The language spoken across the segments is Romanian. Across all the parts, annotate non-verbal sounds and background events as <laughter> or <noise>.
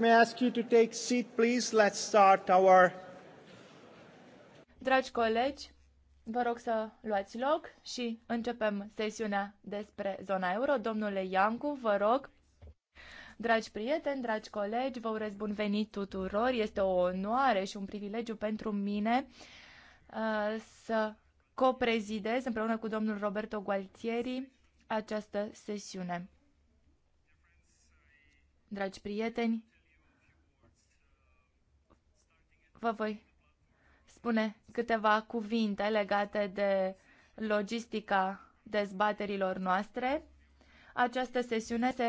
May I ask you to take seat, please? Let's start our... Dragi colegi, vă rog să luați loc și începem sesiunea despre zona euro. Domnule Iancu, vă rog. Dragi prieteni, dragi colegi, vă urez bun venit tuturor. Este o onoare și un privilegiu pentru mine uh, să coprezidez împreună cu domnul Roberto Gualtieri această sesiune. Dragi prieteni, vă voi spune câteva cuvinte legate de logistica dezbaterilor noastre. Această sesiune se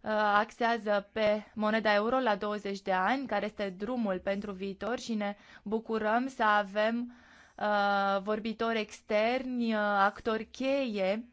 uh, axează pe moneda euro la 20 de ani, care este drumul pentru viitor și ne bucurăm să avem uh, vorbitori externi, uh, actori cheie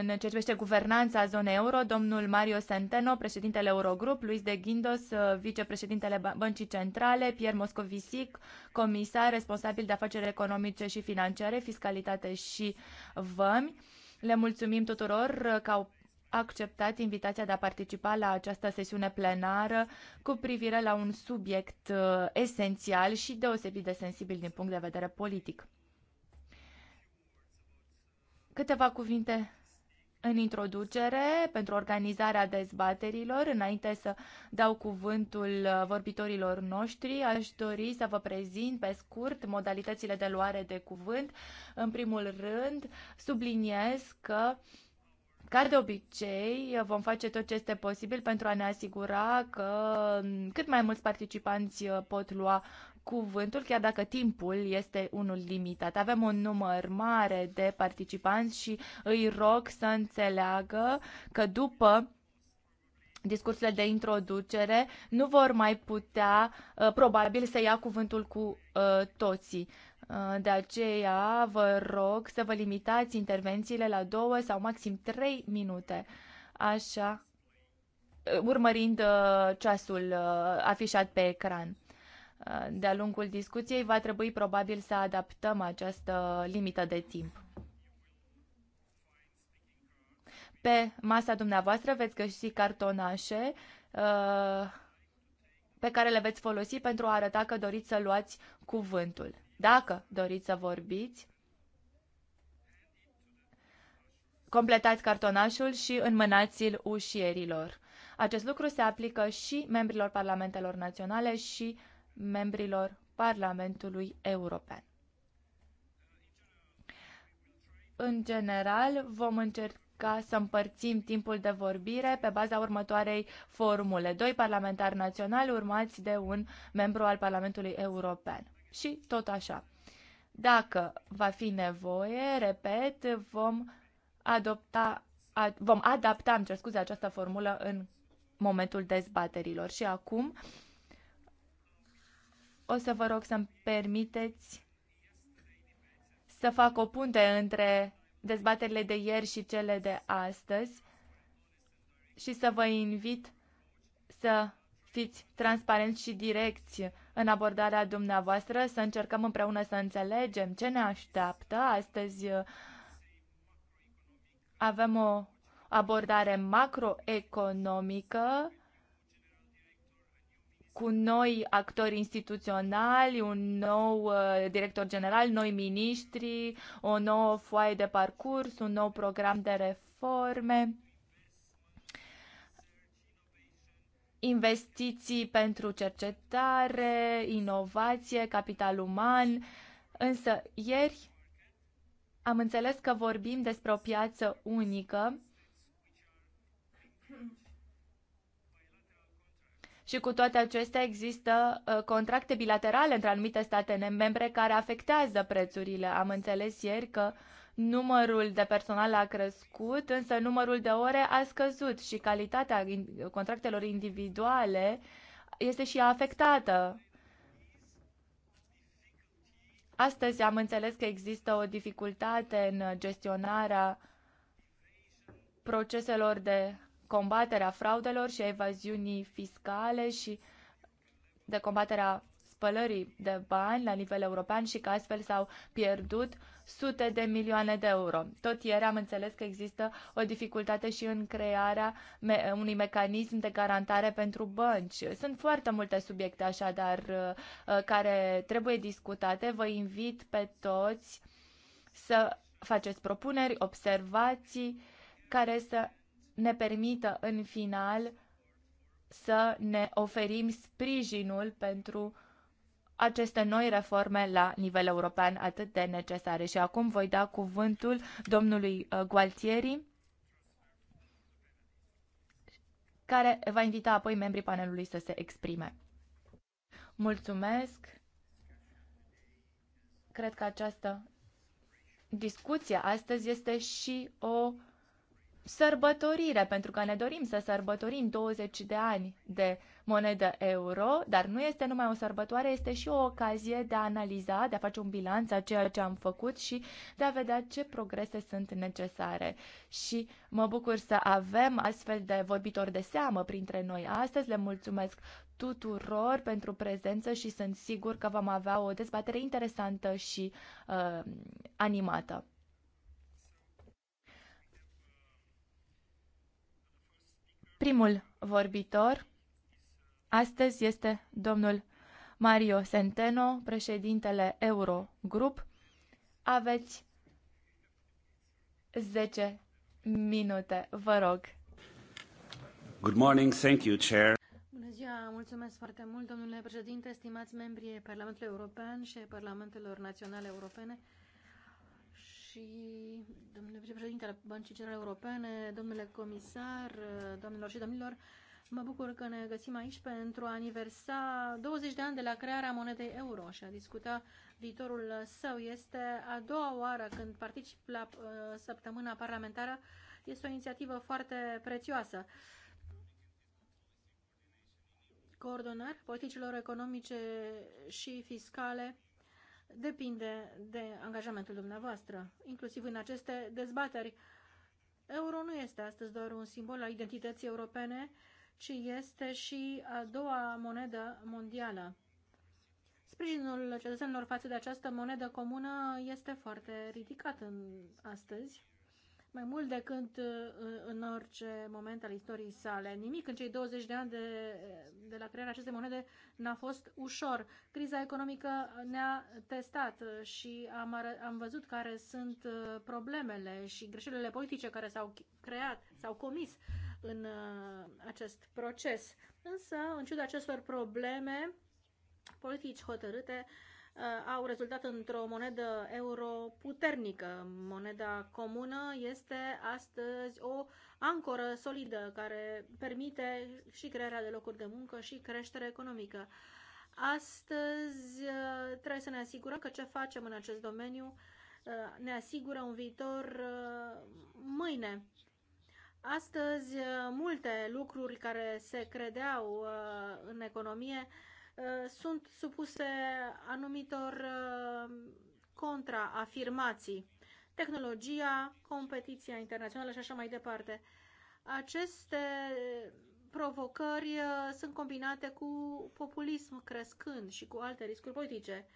în ce privește guvernanța zonei euro, domnul Mario Centeno, președintele Eurogrup, Luis de Guindos, vicepreședintele Băncii Centrale, Pierre Moscovici, comisar responsabil de afaceri economice și financiare, fiscalitate și vămi. Le mulțumim tuturor că au acceptat invitația de a participa la această sesiune plenară cu privire la un subiect uh, esențial și deosebit de sensibil din punct de vedere politic. Câteva cuvinte în introducere pentru organizarea dezbaterilor. Înainte să dau cuvântul uh, vorbitorilor noștri, aș dori să vă prezint pe scurt modalitățile de luare de cuvânt. În primul rând, subliniez că ca de obicei, vom face tot ce este posibil pentru a ne asigura că mm, cât mai mulți participanți uh, pot lua cuvântul, chiar dacă timpul este unul limitat. Avem un număr mare de participanți și îi rog să înțeleagă că după discursurile de introducere nu vor mai putea, uh, probabil, să ia cuvântul cu uh, toții. Uh, de aceea vă rog să vă limitați intervențiile la două sau maxim trei minute. Așa, urmărind ceasul afișat pe ecran. Uh, de-a lungul discuției, va trebui probabil să adaptăm această limită de timp. Pe masa dumneavoastră veți găsi cartonașe uh, pe care le veți folosi pentru a arăta că doriți să luați cuvântul. Dacă doriți să vorbiți, completați cartonașul și înmânați-l ușierilor. Acest lucru se aplică și membrilor parlamentelor naționale și membrilor Parlamentului European. În general, vom încerca să împărțim timpul de vorbire pe baza următoarei formule. Doi parlamentari naționali urmați de un membru al Parlamentului European. Și tot așa. Dacă va fi nevoie, repet, vom adopta, ad, vom adapta, îmi cer scuze, această formulă în momentul dezbaterilor. Și acum o să vă rog să-mi permiteți să fac o punte între dezbaterile de ieri și cele de astăzi și să vă invit să fiți transparenți și direcți în abordarea dumneavoastră, să încercăm împreună să înțelegem ce ne așteaptă. Astăzi uh, avem o abordare macroeconomică cu noi actori instituționali, un nou uh, director general, noi miniștri, o nouă foaie de parcurs, un nou program de reforme, investiții pentru cercetare, inovație, capital uman. Însă ieri am înțeles că vorbim despre o piață unică Și cu toate acestea există uh, contracte bilaterale între anumite state membre care afectează prețurile. Am înțeles ieri că numărul de personal a crescut, însă numărul de ore a scăzut și calitatea contractelor individuale este și afectată. Astăzi am înțeles că există o dificultate în gestionarea proceselor de combaterea fraudelor și a evaziunii fiscale și de combaterea spălării de bani la nivel european și că astfel s-au pierdut sute de milioane de euro. Tot ieri am înțeles că există o dificultate și în crearea me- unui mecanism de garantare pentru bănci. Sunt foarte multe subiecte așadar uh, uh, care trebuie discutate. Vă invit pe toți să faceți propuneri, observații care să ne permită în final să ne oferim sprijinul pentru aceste noi reforme la nivel european atât de necesare. Și acum voi da cuvântul domnului uh, Gualtieri, care va invita apoi membrii panelului să se exprime. Mulțumesc! Cred că această discuție astăzi este și o sărbătorire, pentru că ne dorim să sărbătorim 20 de ani de monedă euro, dar nu este numai o sărbătoare, este și o ocazie de a analiza, de a face un bilanț a ceea ce am făcut și de a vedea ce progrese sunt necesare. Și mă bucur să avem astfel de vorbitori de seamă printre noi astăzi. Le mulțumesc tuturor pentru prezență și sunt sigur că vom avea o dezbatere interesantă și uh, animată. Primul vorbitor astăzi este domnul Mario Centeno, președintele Eurogrup. Aveți 10 minute, vă rog. Good morning, thank you, Chair. Bună ziua, mulțumesc foarte mult, domnule președinte, stimați membrii Parlamentului European și Parlamentelor Naționale Europene și domnule al Băncii Centrale Europene, domnule comisar, domnilor și domnilor, mă bucur că ne găsim aici pentru a aniversa 20 de ani de la crearea monedei euro și a discuta viitorul său. Este a doua oară când particip la uh, săptămâna parlamentară. Este o inițiativă foarte prețioasă Coordonări politicilor economice și fiscale depinde de angajamentul dumneavoastră, inclusiv în aceste dezbateri. Euro nu este astăzi doar un simbol al identității europene, ci este și a doua monedă mondială. Sprijinul cetățenilor față de această monedă comună este foarte ridicat în astăzi mai mult decât uh, în orice moment al istoriei sale. Nimic în cei 20 de ani de, de la crearea acestei monede n-a fost ușor. Criza economică ne-a testat și am, am văzut care sunt uh, problemele și greșelile politice care s-au creat, s-au comis în uh, acest proces. Însă, în ciuda acestor probleme, politici hotărâte Uh, au rezultat într-o monedă euro puternică. Moneda comună este astăzi o ancoră solidă care permite și crearea de locuri de muncă și creștere economică. Astăzi uh, trebuie să ne asigurăm că ce facem în acest domeniu uh, ne asigură un viitor mâine. Astăzi, multe lucruri care se credeau în economie Uh, sunt supuse anumitor uh, contraafirmații. Tehnologia, competiția internațională și așa mai departe. Aceste provocări uh, sunt combinate cu populism crescând și cu alte riscuri politice.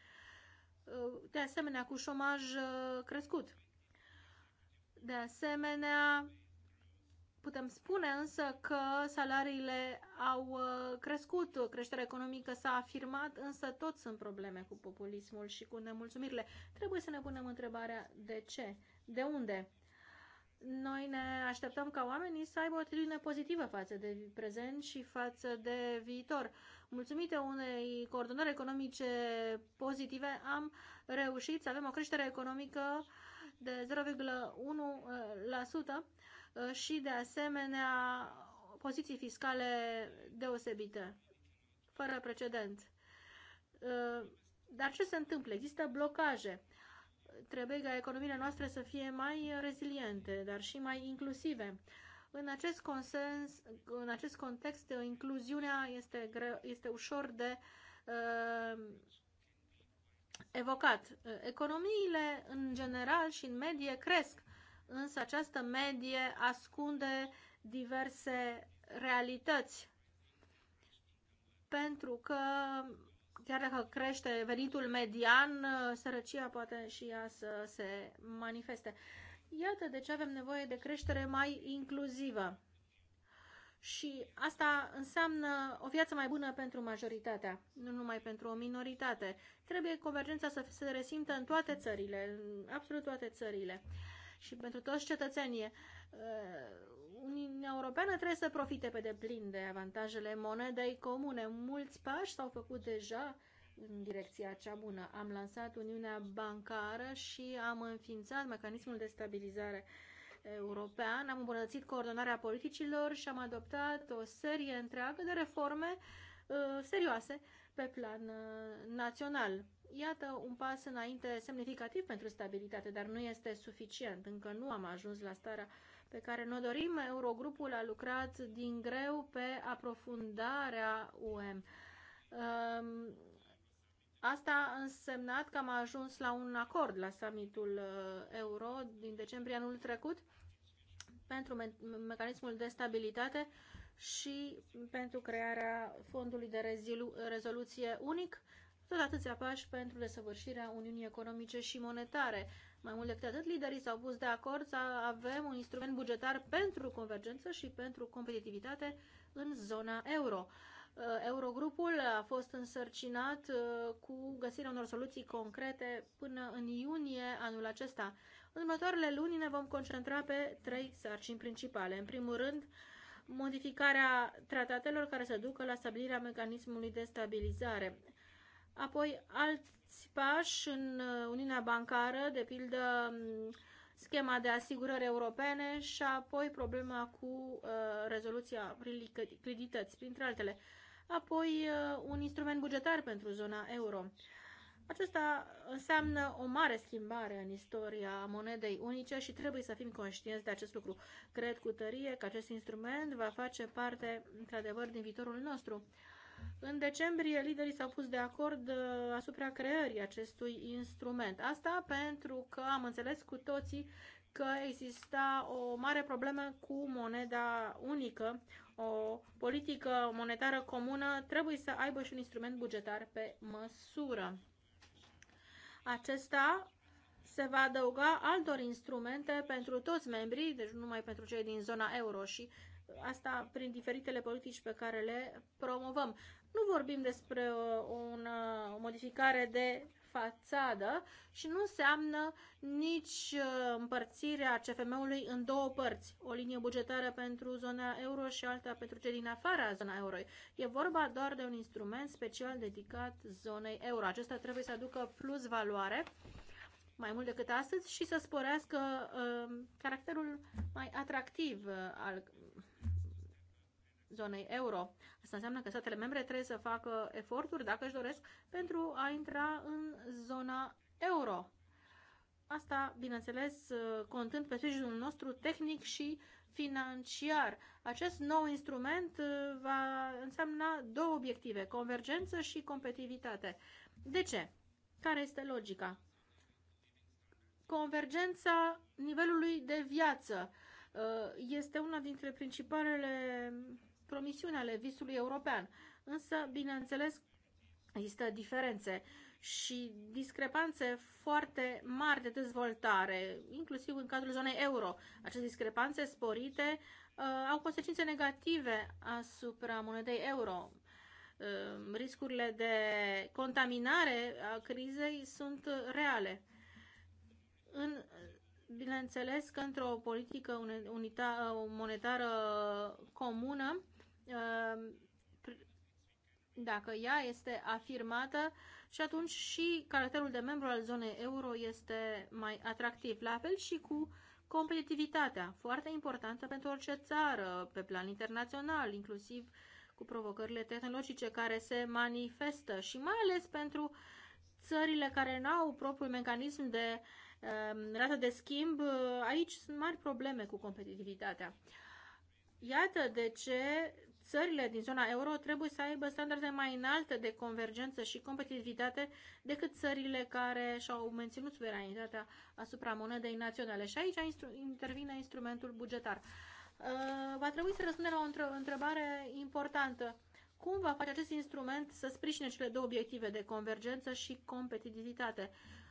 De asemenea, cu șomaj crescut. De asemenea, Putem spune însă că salariile au uh, crescut, creșterea economică s-a afirmat, însă tot sunt probleme cu populismul și cu nemulțumirile. Trebuie să ne punem întrebarea de ce, de unde. Noi ne așteptăm ca oamenii să aibă o atitudine pozitivă față de prezent și față de viitor. Mulțumite unei coordonări economice pozitive, am reușit să avem o creștere economică de 0,1% Uh, și, de asemenea, poziții fiscale deosebite, fără precedent. Uh, dar ce se întâmplă? Există blocaje. Trebuie ca economiile noastre să fie mai reziliente, dar și mai inclusive. În acest, consens, în acest context, incluziunea este, greu, este ușor de uh, evocat. Economiile, în general și în medie, cresc însă această medie ascunde diverse realități. Pentru că chiar dacă crește venitul median, sărăcia poate și ea să se manifeste. Iată de ce avem nevoie de creștere mai inclusivă. Și asta înseamnă o viață mai bună pentru majoritatea, nu numai pentru o minoritate. Trebuie convergența să se resimtă în toate țările, în absolut toate țările. Uh, și pentru toți cetățenii. Uniunea Europeană trebuie să profite pe deplin de avantajele monedei comune. Mulți pași s-au făcut deja în direcția cea bună. Am lansat Uniunea Bancară și am înființat mecanismul de stabilizare european, am îmbunătățit coordonarea politicilor și am adoptat o serie întreagă de reforme uh, serioase pe plan uh, național. Iată un pas înainte semnificativ pentru stabilitate, dar nu este suficient. Încă nu am ajuns la starea pe care ne dorim. Eurogrupul a lucrat din greu pe aprofundarea UM. Asta a însemnat că am ajuns la un acord la summitul uh, euro din decembrie anul trecut pentru me mecanismul de stabilitate și pentru crearea fondului de rezoluție unic tot atâția pași pentru desăvârșirea Uniunii Economice și Monetare. Mai mult decât atât, liderii s-au pus de acord să avem un instrument bugetar pentru convergență și pentru competitivitate în zona euro. Uh, Eurogrupul a fost însărcinat uh, cu găsirea unor soluții concrete până în iunie anul acesta. În următoarele luni ne vom concentra pe trei sarcini principale. În primul rând, modificarea tratatelor care se ducă la stabilirea mecanismului de stabilizare. Apoi alți pași în uh, Uniunea Bancară, de pildă um, schema de asigurări europene și apoi problema cu uh, rezoluția lichidități, printre altele. Apoi uh, un instrument bugetar pentru zona euro. Acesta înseamnă o mare schimbare în istoria monedei unice și trebuie să fim conștienți de acest lucru. Cred cu tărie că acest instrument va face parte, într-adevăr, din viitorul nostru. În decembrie, liderii s-au pus de acord uh, asupra creării acestui instrument. Asta pentru că am înțeles cu toții că exista o mare problemă cu moneda unică, o politică monetară comună trebuie să aibă și un instrument bugetar pe măsură. Acesta se va adăuga altor instrumente pentru toți membrii, deci nu numai pentru cei din zona euro și asta prin diferitele politici pe care le promovăm. Nu vorbim despre o, un, o modificare de fațadă și nu înseamnă nici uh, împărțirea CFM-ului în două părți, o linie bugetară pentru zona euro și alta pentru cei din afara zona euro. E vorba doar de un instrument special dedicat zonei euro. Acesta trebuie să aducă plus valoare mai mult decât astăzi și să sporească uh, caracterul mai atractiv uh, al zonei euro. Asta înseamnă că statele membre trebuie să facă eforturi, dacă își doresc, pentru a intra în zona euro. Asta, bineînțeles, contând pe sprijinul nostru tehnic și financiar. Acest nou instrument uh, va însemna două obiective, convergență și competitivitate. De ce? Care este logica? Convergența nivelului de viață uh, este una dintre principalele promisiuni ale visului european. Însă, bineînțeles, există diferențe și discrepanțe foarte mari de dezvoltare, inclusiv în cadrul zonei euro. Aceste discrepanțe sporite uh, au consecințe negative asupra monedei euro. Uh, riscurile de contaminare a crizei sunt reale. În, bineînțeles că într-o politică unita, uh, monetară comună, Ehm, dacă ea este afirmată și atunci și caracterul de membru al zonei euro este mai atractiv. La fel și cu competitivitatea, foarte importantă pentru orice țară pe plan internațional, inclusiv cu provocările tehnologice care se manifestă și mai ales pentru țările care nu au propriul mecanism de uh, rată de schimb, uh, aici sunt mari probleme cu competitivitatea. Iată de ce țările din zona euro trebuie să aibă standarde mai înalte de convergență și competitivitate decât țările care și-au menținut suveranitatea asupra monedei naționale. Și aici intervine instrumentul bugetar. Uh, va trebui să răspundem la o întrebare importantă. Cum va face acest instrument să sprijine cele două obiective de convergență și competitivitate?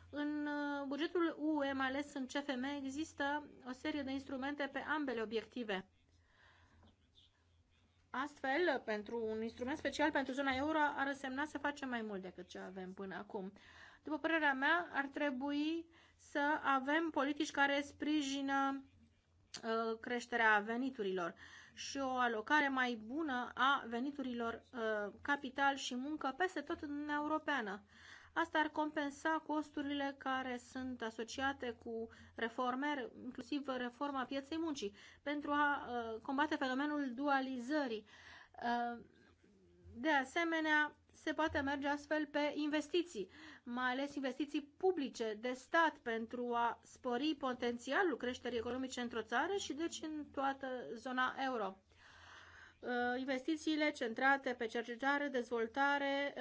În uh, bugetul UE, mai ales în CFM, există o serie de instrumente pe ambele obiective Astfel, pentru un instrument special pentru zona euro ar însemna să facem mai mult decât ce avem până acum. După părerea mea, ar trebui să avem politici care sprijină uh, creșterea veniturilor și o alocare mai bună a veniturilor uh, capital și muncă peste tot în Uniunea Europeană. Asta ar compensa costurile care sunt asociate cu reforme, inclusiv reforma pieței muncii, pentru a uh, combate fenomenul dualizării. Uh, de asemenea, se poate merge astfel pe investiții, mai ales investiții publice de stat pentru a spori potențialul creșterii economice într-o țară și deci în toată zona euro. Uh, investițiile centrate pe cercetare, dezvoltare,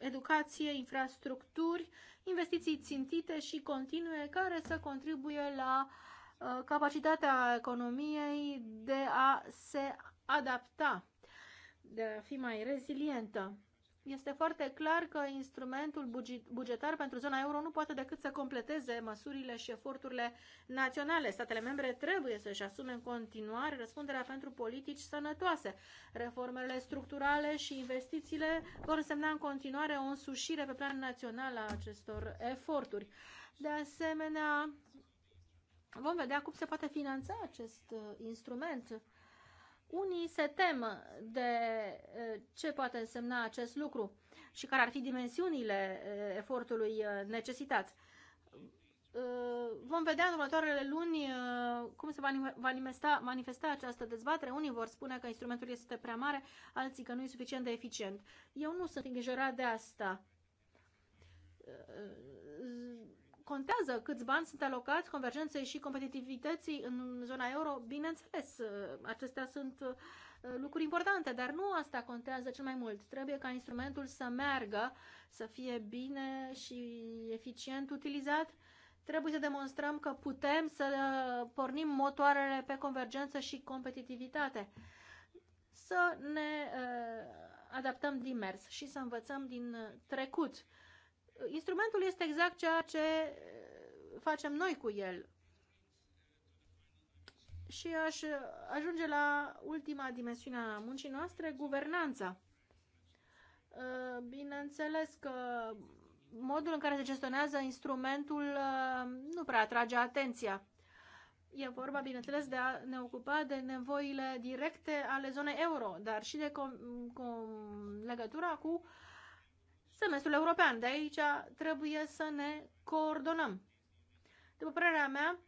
educație, infrastructuri, investiții țintite și continue care să contribuie la uh, capacitatea economiei de a se adapta, de a fi mai rezilientă este foarte clar că instrumentul bugetar pentru zona euro nu poate decât să completeze măsurile și eforturile naționale. Statele membre trebuie să-și asume în continuare răspunderea pentru politici sănătoase. Reformele structurale și investițiile vor însemna în continuare o însușire pe plan național a acestor eforturi. De asemenea, vom vedea cum se poate finanța acest uh, instrument unii se tem de ce poate însemna acest lucru și care ar fi dimensiunile efortului necesitat. Vom vedea în următoarele luni cum se va manifesta, manifesta această dezbatere. Unii vor spune că instrumentul este prea mare, alții că nu e suficient de eficient. Eu nu sunt îngrijorat de asta contează câți bani sunt alocați convergenței și competitivității în zona euro, bineînțeles, uh, acestea sunt uh, lucruri importante, dar nu asta contează cel mai mult. Trebuie ca instrumentul să meargă, să fie bine și eficient utilizat. Trebuie să demonstrăm că putem să uh, pornim motoarele pe convergență și competitivitate. Să ne adaptăm din mers și să învățăm din trecut Instrumentul este exact ceea ce eh, facem noi cu el. Și aș ajunge la ultima dimensiune a muncii noastre, guvernanța. Eh, bineînțeles că modul în care se gestionează instrumentul eh, nu prea atrage atenția. E vorba, bineînțeles, de a ne ocupa de nevoile directe ale zonei euro, dar și de com, com, legătura cu uh, semestrul european. De aici trebuie să ne coordonăm. După părerea mea,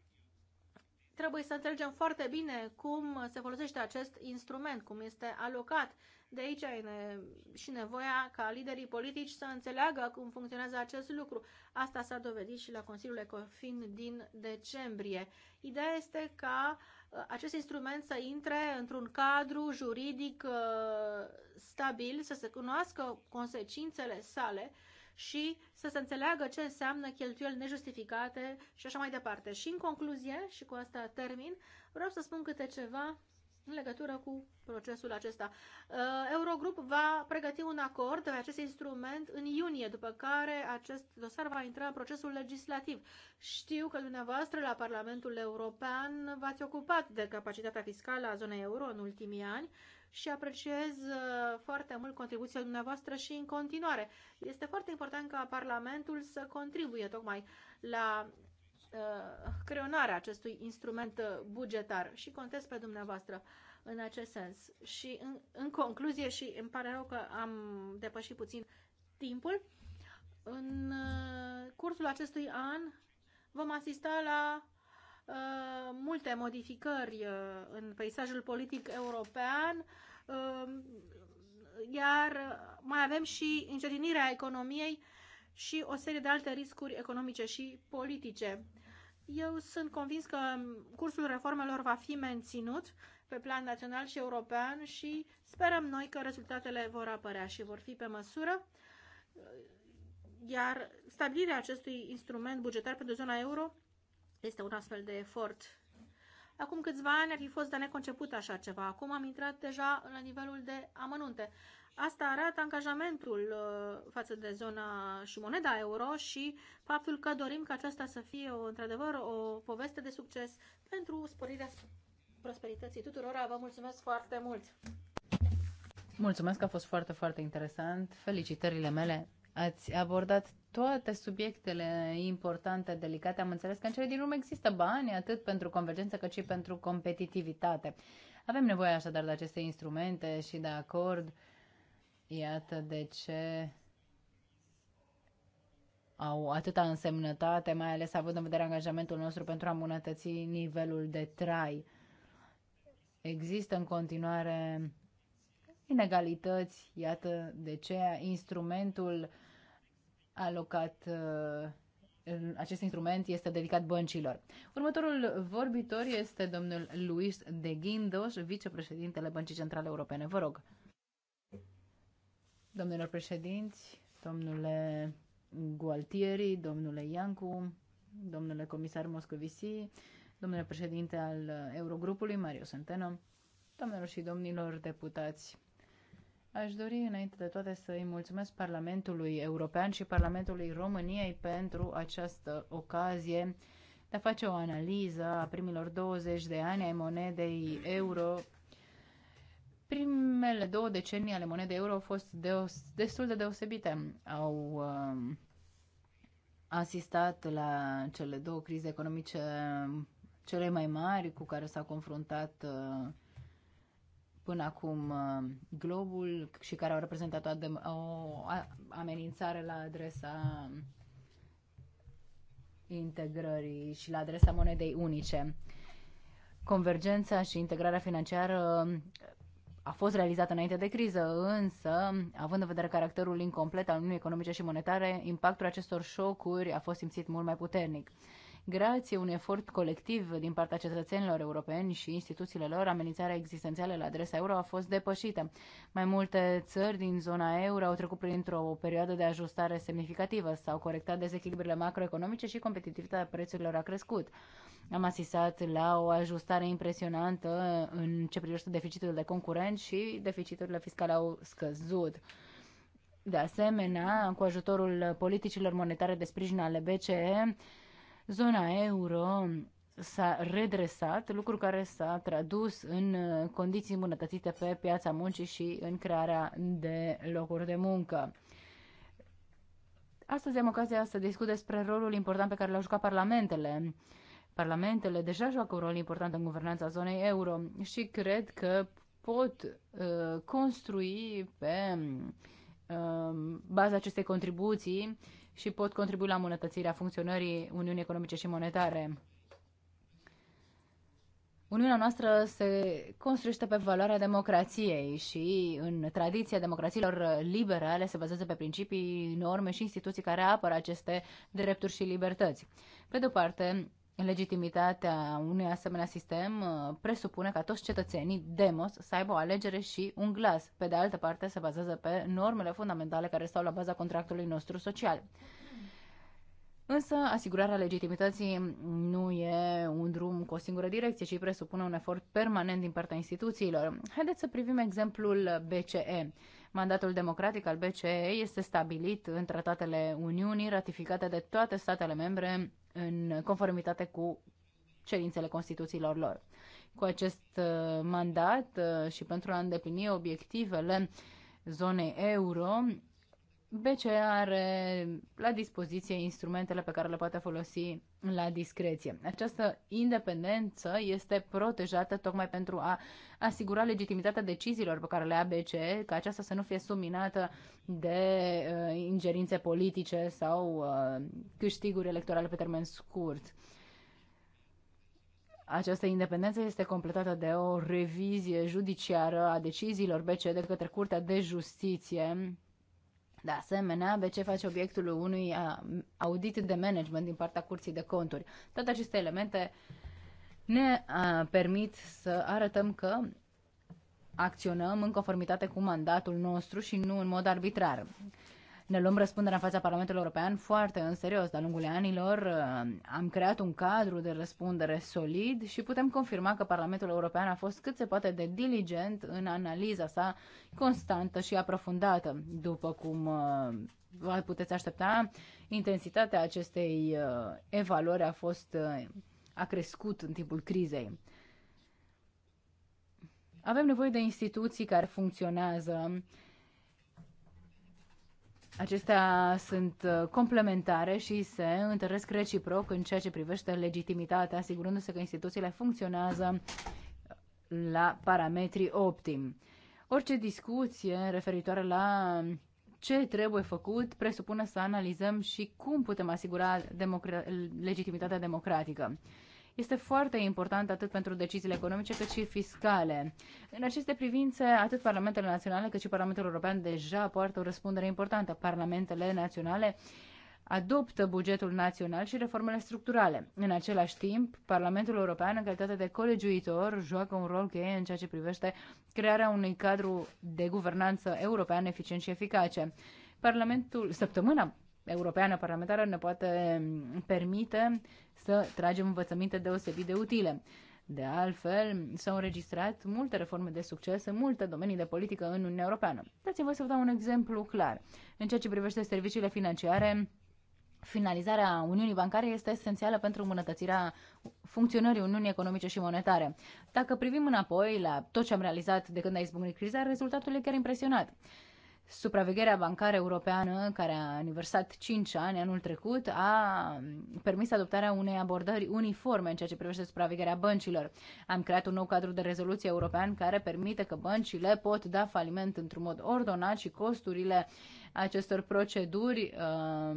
trebuie să înțelegem foarte bine cum se folosește acest instrument, cum este alocat de aici e ne și nevoia ca liderii politici să înțeleagă cum funcționează acest lucru. Asta s-a dovedit și la Consiliul Ecofin din decembrie. Ideea este ca uh, acest instrument să intre într-un cadru juridic uh, stabil, să se cunoască consecințele sale și să se înțeleagă ce înseamnă cheltuieli nejustificate și așa mai departe. Și în concluzie, și cu asta termin, vreau să spun câte ceva în legătură cu procesul acesta. Uh, Eurogrup va pregăti un acord pe acest instrument în iunie, după care acest dosar va intra în procesul legislativ. Știu că dumneavoastră la Parlamentul European v-ați ocupat de capacitatea fiscală a zonei euro în ultimii ani și apreciez uh, foarte mult contribuția dumneavoastră și în continuare. Este foarte important ca Parlamentul să contribuie tocmai la Uh, creonarea acestui instrument uh, bugetar și contez pe dumneavoastră în acest sens. Și în, în concluzie, și îmi pare rău că am depășit puțin timpul, în uh, cursul acestui an vom asista la uh, multe modificări uh, în peisajul politic european, uh, iar mai avem și încetinirea economiei și o serie de alte riscuri economice și politice. Eu sunt convins că cursul reformelor va fi menținut pe plan național și european și sperăm noi că rezultatele vor apărea și vor fi pe măsură. Iar stabilirea acestui instrument bugetar pentru zona euro este un astfel de efort. Acum câțiva ani ar fi fost de neconceput așa ceva. Acum am intrat deja la nivelul de amănunte. Asta arată angajamentul uh, față de zona și moneda euro și faptul că dorim ca aceasta să fie într-adevăr o poveste de succes pentru sporirea prosperității tuturor. Vă mulțumesc foarte mult! Mulțumesc, că a fost foarte, foarte interesant. Felicitările mele! Ați abordat toate subiectele importante, delicate. Am înțeles că în cele din urmă există bani atât pentru convergență cât și pentru competitivitate. Avem nevoie așadar de aceste instrumente și de acord Iată de ce au atâta însemnătate, mai ales având în vedere angajamentul nostru pentru a îmbunătăți nivelul de trai. Există în continuare inegalități, iată de ce instrumentul alocat, uh, acest instrument este dedicat băncilor. Următorul vorbitor este domnul Luis de Guindos, vicepreședintele Băncii Centrale Europene. Vă rog domnilor președinți, domnule Gualtieri, domnule Iancu, domnule comisar Moscovici, domnule președinte al Eurogrupului, Mario Centeno, domnilor și domnilor deputați. Aș dori înainte de toate să îi mulțumesc Parlamentului European și Parlamentului României pentru această ocazie de a face o analiză a primilor 20 de ani ai monedei euro Primele două decenii ale monedei euro au fost destul de deosebite. Au uh, asistat la cele două crize economice um, cele mai mari cu care s-a confruntat uh, până acum uh, globul și care au reprezentat o, o amenințare la adresa integrării și la adresa monedei unice. Convergența și integrarea financiară a fost realizată înainte de criză, însă, având în vedere caracterul incomplet al Uniunii Economice și Monetare, impactul acestor șocuri a fost simțit mult mai puternic. Grație un efort colectiv din partea cetățenilor europeni și instituțiile lor, amenințarea existențială la adresa euro a fost depășită. Mai multe țări din zona euro au trecut printr-o perioadă de ajustare semnificativă, s-au corectat dezechilibrele macroeconomice și competitivitatea prețurilor a crescut. Am asistat la o ajustare impresionantă în ce privește deficitul de concurent și deficiturile fiscale au scăzut. De asemenea, cu ajutorul politicilor monetare de sprijin ale BCE, Zona euro s-a redresat, lucru care s-a tradus în uh, condiții îmbunătățite pe piața muncii și în crearea de locuri de muncă. Astăzi am ocazia să discut despre rolul important pe care l-au jucat parlamentele. Parlamentele deja joacă un rol important în guvernanța zonei euro și cred că pot uh, construi pe uh, baza acestei contribuții și pot contribui la îmbunătățirea funcționării Uniunii Economice și Monetare. Uniunea noastră se construiește pe valoarea democrației și în tradiția democrațiilor liberale se bazează pe principii, norme și instituții care apără aceste drepturi și libertăți. Pe de o parte, legitimitatea unui asemenea sistem uh, presupune ca toți cetățenii demos să aibă o alegere și un glas. Pe de altă parte, se bazează pe normele fundamentale care stau la baza contractului nostru social. Însă, asigurarea legitimității nu e un drum cu o singură direcție, ci presupune un efort permanent din partea instituțiilor. Haideți să privim exemplul BCE. Mandatul democratic al BCE este stabilit în tratatele Uniunii, ratificate de toate statele membre în conformitate cu cerințele Constituțiilor lor. Cu acest uh, mandat uh, și pentru a îndeplini obiectivele zonei euro, BCE are la dispoziție instrumentele pe care le poate folosi la discreție. Această independență este protejată tocmai pentru a asigura legitimitatea deciziilor pe care le ia BCE, ca aceasta să nu fie subminată de uh, ingerințe politice sau uh, câștiguri electorale pe termen scurt. Această independență este completată de o revizie judiciară a deciziilor BCE de către Curtea de Justiție de asemenea, BC face obiectul unui uh, audit de management din partea curții de conturi. Toate aceste elemente ne uh, permit să arătăm că acționăm în conformitate cu mandatul nostru și nu în mod arbitrar ne luăm răspunderea în fața Parlamentului European foarte în serios. De-a lungul anilor uh, am creat un cadru de răspundere solid și putem confirma că Parlamentul European a fost cât se poate de diligent în analiza sa constantă și aprofundată. După cum vă uh, puteți aștepta, intensitatea acestei uh, evaluări a fost a crescut în timpul crizei. Avem nevoie de instituții care funcționează, Acestea sunt uh, complementare și se întăresc reciproc în ceea ce privește legitimitatea, asigurându-se că instituțiile funcționează la parametrii optimi. Orice discuție referitoare la ce trebuie făcut presupune să analizăm și cum putem asigura democra- legitimitatea democratică este foarte important atât pentru deciziile economice cât și fiscale. În aceste privințe, atât Parlamentele Naționale cât și Parlamentul European deja poartă o răspundere importantă. Parlamentele Naționale adoptă bugetul național și reformele structurale. În același timp, Parlamentul European, în calitate de colegiuitor, joacă un rol cheie în ceea ce privește crearea unui cadru de guvernanță european eficient și eficace. Parlamentul, săptămâna Europeană Parlamentară ne poate mm, permite să tragem învățăminte deosebit de utile. De altfel, s-au înregistrat multe reforme de succes în multe domenii de politică în Uniunea Europeană. dați vă să vă dau un exemplu clar. În ceea ce privește serviciile financiare, finalizarea Uniunii Bancare este esențială pentru îmbunătățirea funcționării Uniunii Economice și Monetare. Dacă privim înapoi la tot ce am realizat de când a izbucnit criza, rezultatul e chiar impresionat. Supravegherea bancară europeană, care a aniversat 5 ani anul trecut, a permis adoptarea unei abordări uniforme în ceea ce privește supravegherea băncilor. Am creat un nou cadru de rezoluție european care permite că băncile pot da faliment într-un mod ordonat și costurile acestor proceduri uh,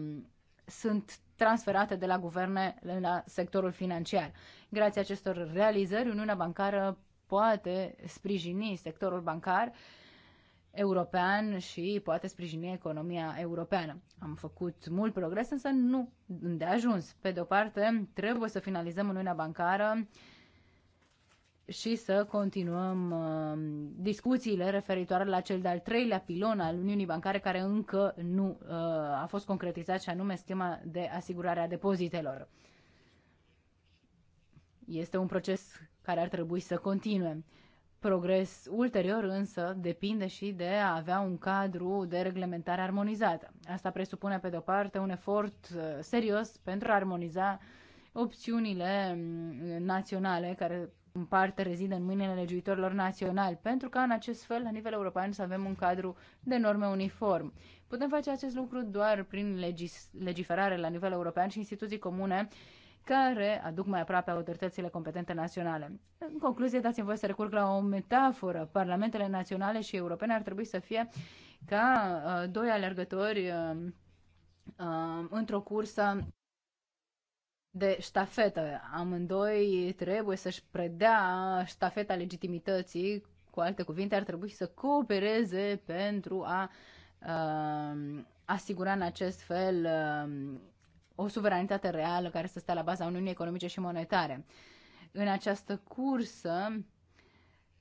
sunt transferate de la guverne la sectorul financiar. Grație acestor realizări, Uniunea Bancară poate sprijini sectorul bancar uh, european și poate sprijini economia europeană. Am făcut mult progres, însă nu de ajuns. Pe de o parte, trebuie să finalizăm Uniunea Bancară și să continuăm uh, discuțiile referitoare la cel de-al treilea pilon al Uniunii Bancare care încă nu uh, a fost concretizat și anume schema de asigurare a depozitelor. Este un proces care ar trebui să continue. Progres ulterior însă depinde și de a avea un cadru de reglementare armonizată. Asta presupune, pe de-o parte, un efort uh, serios pentru a armoniza opțiunile mm, naționale care în parte rezidă în mâinile legiuitorilor naționali, pentru ca în acest fel, la nivel european, să avem un cadru de norme uniform. Putem face acest lucru doar prin legis- legiferare la nivel european și instituții comune care aduc mai aproape autoritățile competente naționale. În concluzie, dați-mi voie să recurg la o metaforă. Parlamentele naționale și europene ar trebui să fie ca uh, doi alergători uh, uh, într-o cursă de ștafetă. Amândoi trebuie să-și predea ștafeta legitimității, cu alte cuvinte, ar trebui să coopereze pentru a uh, asigura în acest fel uh, o suveranitate reală care să stea la baza Uniunii Economice și Monetare. În această cursă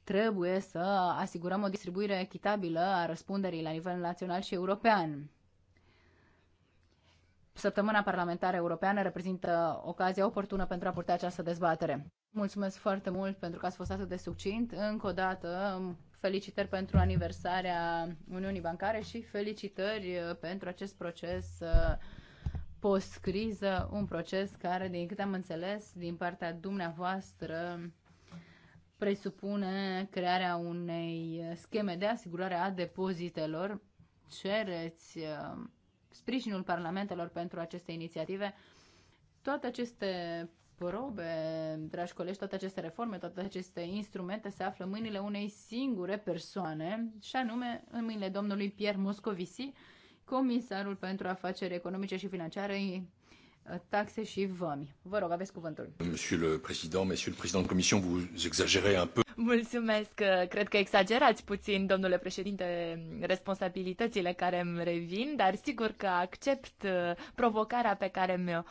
trebuie să asigurăm o distribuire echitabilă a răspunderii la nivel național și european. Săptămâna parlamentară europeană reprezintă ocazia oportună pentru a purta această dezbatere. Mulțumesc foarte mult pentru că ați fost atât de succint. Încă o dată, felicitări pentru aniversarea Uniunii Bancare și felicitări pentru acest proces uh, post-criză, un proces care, din câte am înțeles, din partea dumneavoastră, presupune crearea unei scheme de asigurare a depozitelor. Cereți uh, sprijinul parlamentelor pentru aceste inițiative. Toate aceste probe, dragi colegi, toate aceste reforme, toate aceste instrumente se află în mâinile unei singure persoane, și anume în mâinile domnului Pierre Moscovici, comisarul pentru afaceri economice și financiare, uh, taxe și vămi. Vă rog, aveți cuvântul. Monsieur le Président, Monsieur le Président de Commission, vous exagerez un peu. Mulțumesc, cred că exagerați puțin, domnule președinte, responsabilitățile care îmi revin, dar sigur că accept uh, provocarea pe care mi-o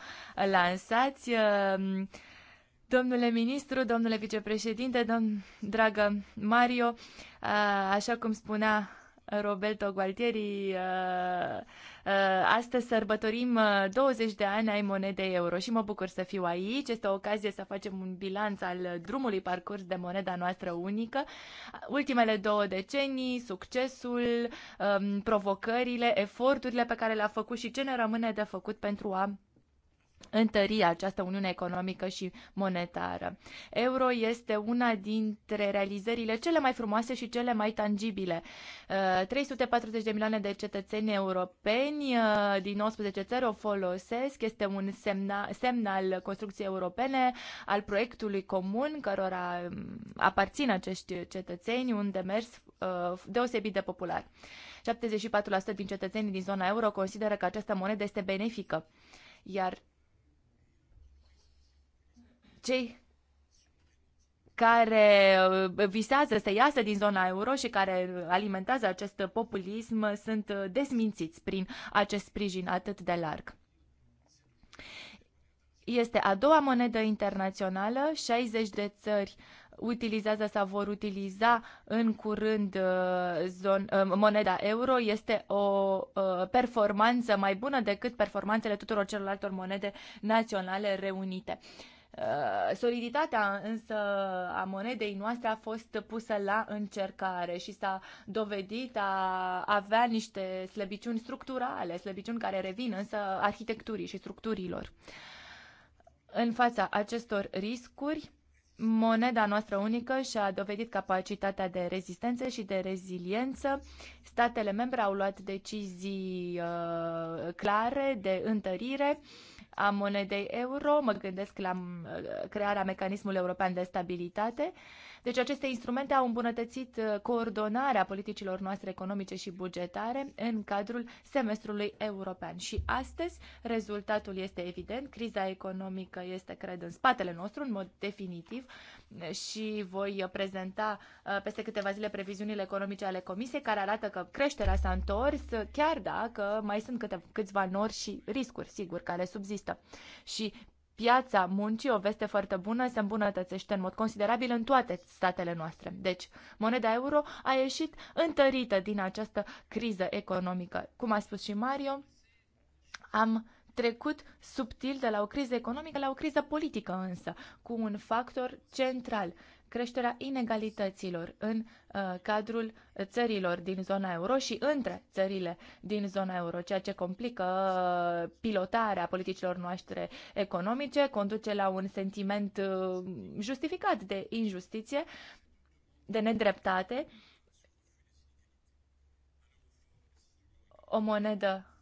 lansați. Uh, domnule ministru, domnule vicepreședinte, domn, dragă Mario, așa cum spunea Roberto Gualtieri, uh, uh, astăzi sărbătorim 20 uh, de ani ai monedei euro și mă bucur să fiu aici. Este o ocazie să facem un bilanț al drumului parcurs de moneda noastră unică. Ultimele două decenii, succesul, um, provocările, eforturile pe care le-a făcut și ce ne rămâne de făcut pentru a întări această uniune economică și monetară. Euro este una dintre realizările cele mai frumoase și cele mai tangibile. 340 uh, de milioane de cetățeni europeni uh, din 19 țări o folosesc. Este un semna, semn al construcției europene, al proiectului comun cărora um, aparțin acești cetățeni, un demers uh, deosebit de popular. 74% din cetățenii din zona euro consideră că această monedă este benefică, iar cei care uh, visează să iasă din zona euro și care alimentează acest populism sunt uh, desmințiți prin acest sprijin atât de larg. Este a doua monedă internațională, 60 de țări utilizează sau vor utiliza în curând uh, zon, moneda euro este o performanță mai bună decât performanțele tuturor celorlalte monede naționale reunite. Uh, soliditatea însă a monedei noastre a fost pusă la încercare și s-a dovedit a avea niște slăbiciuni structurale, slăbiciuni care revin însă arhitecturii și structurilor. În fața acestor riscuri, moneda noastră unică și-a dovedit capacitatea de rezistență și de reziliență. Statele membre au luat decizii uh, clare de întărire uh, a monedei euro, mă gândesc la uh, crearea mecanismului european de stabilitate deci aceste instrumente au îmbunătățit uh, coordonarea politicilor noastre economice și bugetare în cadrul semestrului european. Și astăzi rezultatul este evident, criza economică este, cred, în spatele nostru, în mod definitiv, și voi prezenta uh, peste câteva zile previziunile economice ale Comisiei, care arată că creșterea s-a întors, chiar dacă mai sunt câte, câțiva nori și riscuri, sigur, care subzistă. Și piața muncii, o veste foarte bună, se îmbunătățește în mod considerabil în toate statele noastre. Deci, moneda euro a ieșit întărită din această criză economică. Cum a spus și Mario, am trecut subtil de la o criză economică la o criză politică însă, cu un factor central creșterea inegalităților în uh, cadrul țărilor din zona euro și între țările din zona euro, ceea ce complică uh, pilotarea politicilor noastre economice, conduce la un sentiment uh, justificat de injustiție, de nedreptate. O monedă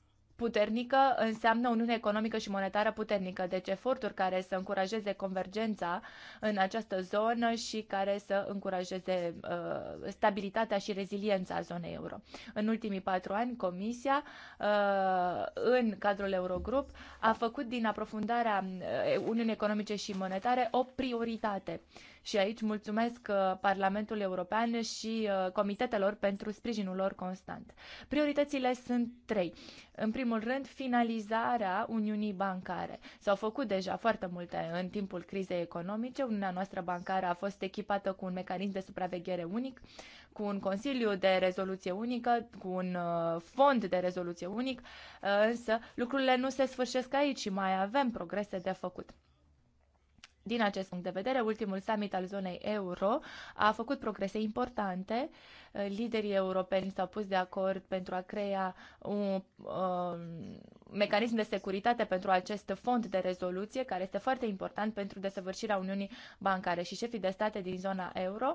puternică înseamnă Uniune Economică și Monetară puternică, deci eforturi care să încurajeze convergența în această zonă și care să încurajeze uh, stabilitatea și reziliența zonei euro. În ultimii patru ani, Comisia, uh, în cadrul Eurogrup, a făcut din aprofundarea uh, Uniunii Economice și Monetare o prioritate. Uh, și aici mulțumesc uh, Parlamentul European și uh, comitetelor pentru sprijinul lor constant. Prioritățile sunt trei. În primul rând, finalizarea Uniunii Bancare. S-au făcut deja foarte multe în timpul crizei economice. Uniunea noastră bancară a fost echipată cu un mecanism de supraveghere unic, cu un Consiliu de Rezoluție Unică, cu un uh, fond de rezoluție unic, însă lucrurile nu se sfârșesc aici și mai avem progrese de făcut. Din acest punct de vedere, ultimul summit al zonei euro a făcut progrese importante liderii europeni s-au pus de acord pentru a crea un uh, mecanism de securitate pentru acest fond de rezoluție, care este foarte important pentru desăvârșirea Uniunii Bancare. Și șefii de state din zona euro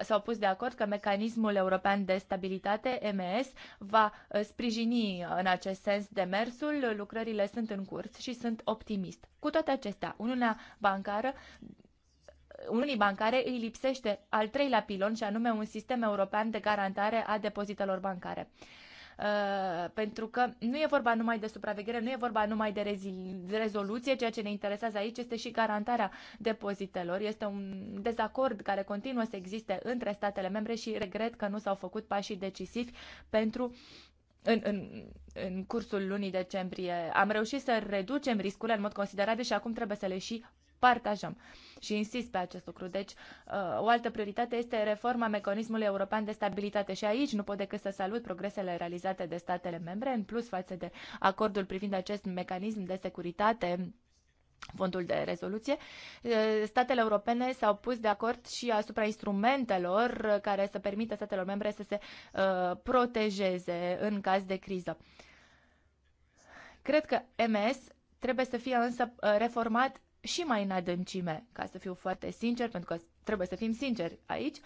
s-au pus de acord că mecanismul european de stabilitate, MES, va uh, sprijini uh, în acest sens demersul. Lucrările sunt în curs și sunt optimist. Cu toate acestea, Uniunea Bancară unii bancare îi lipsește al treilea pilon și anume un sistem european de garantare a depozitelor bancare. Uh, pentru că nu e vorba numai de supraveghere, nu e vorba numai de rezoluție, ceea ce ne interesează aici este și garantarea depozitelor. Este un dezacord care continuă să existe între statele membre și regret că nu s-au făcut pașii decisivi pentru în, în, în cursul lunii decembrie. Am reușit să reducem riscurile în mod considerabil și acum trebuie să le și partajăm. Și insist pe acest lucru. Deci, uh, o altă prioritate este reforma mecanismului european de stabilitate și aici nu pot decât să salut progresele realizate de statele membre, în plus față de acordul privind acest mecanism de securitate fondul de rezoluție, uh, statele europene s-au pus de acord și asupra instrumentelor care să permită statelor membre să se uh, protejeze în caz de criză. Cred că MS trebuie să fie însă uh, reformat și mai în adâncime, ca să fiu foarte sincer, pentru că trebuie să fim sinceri aici,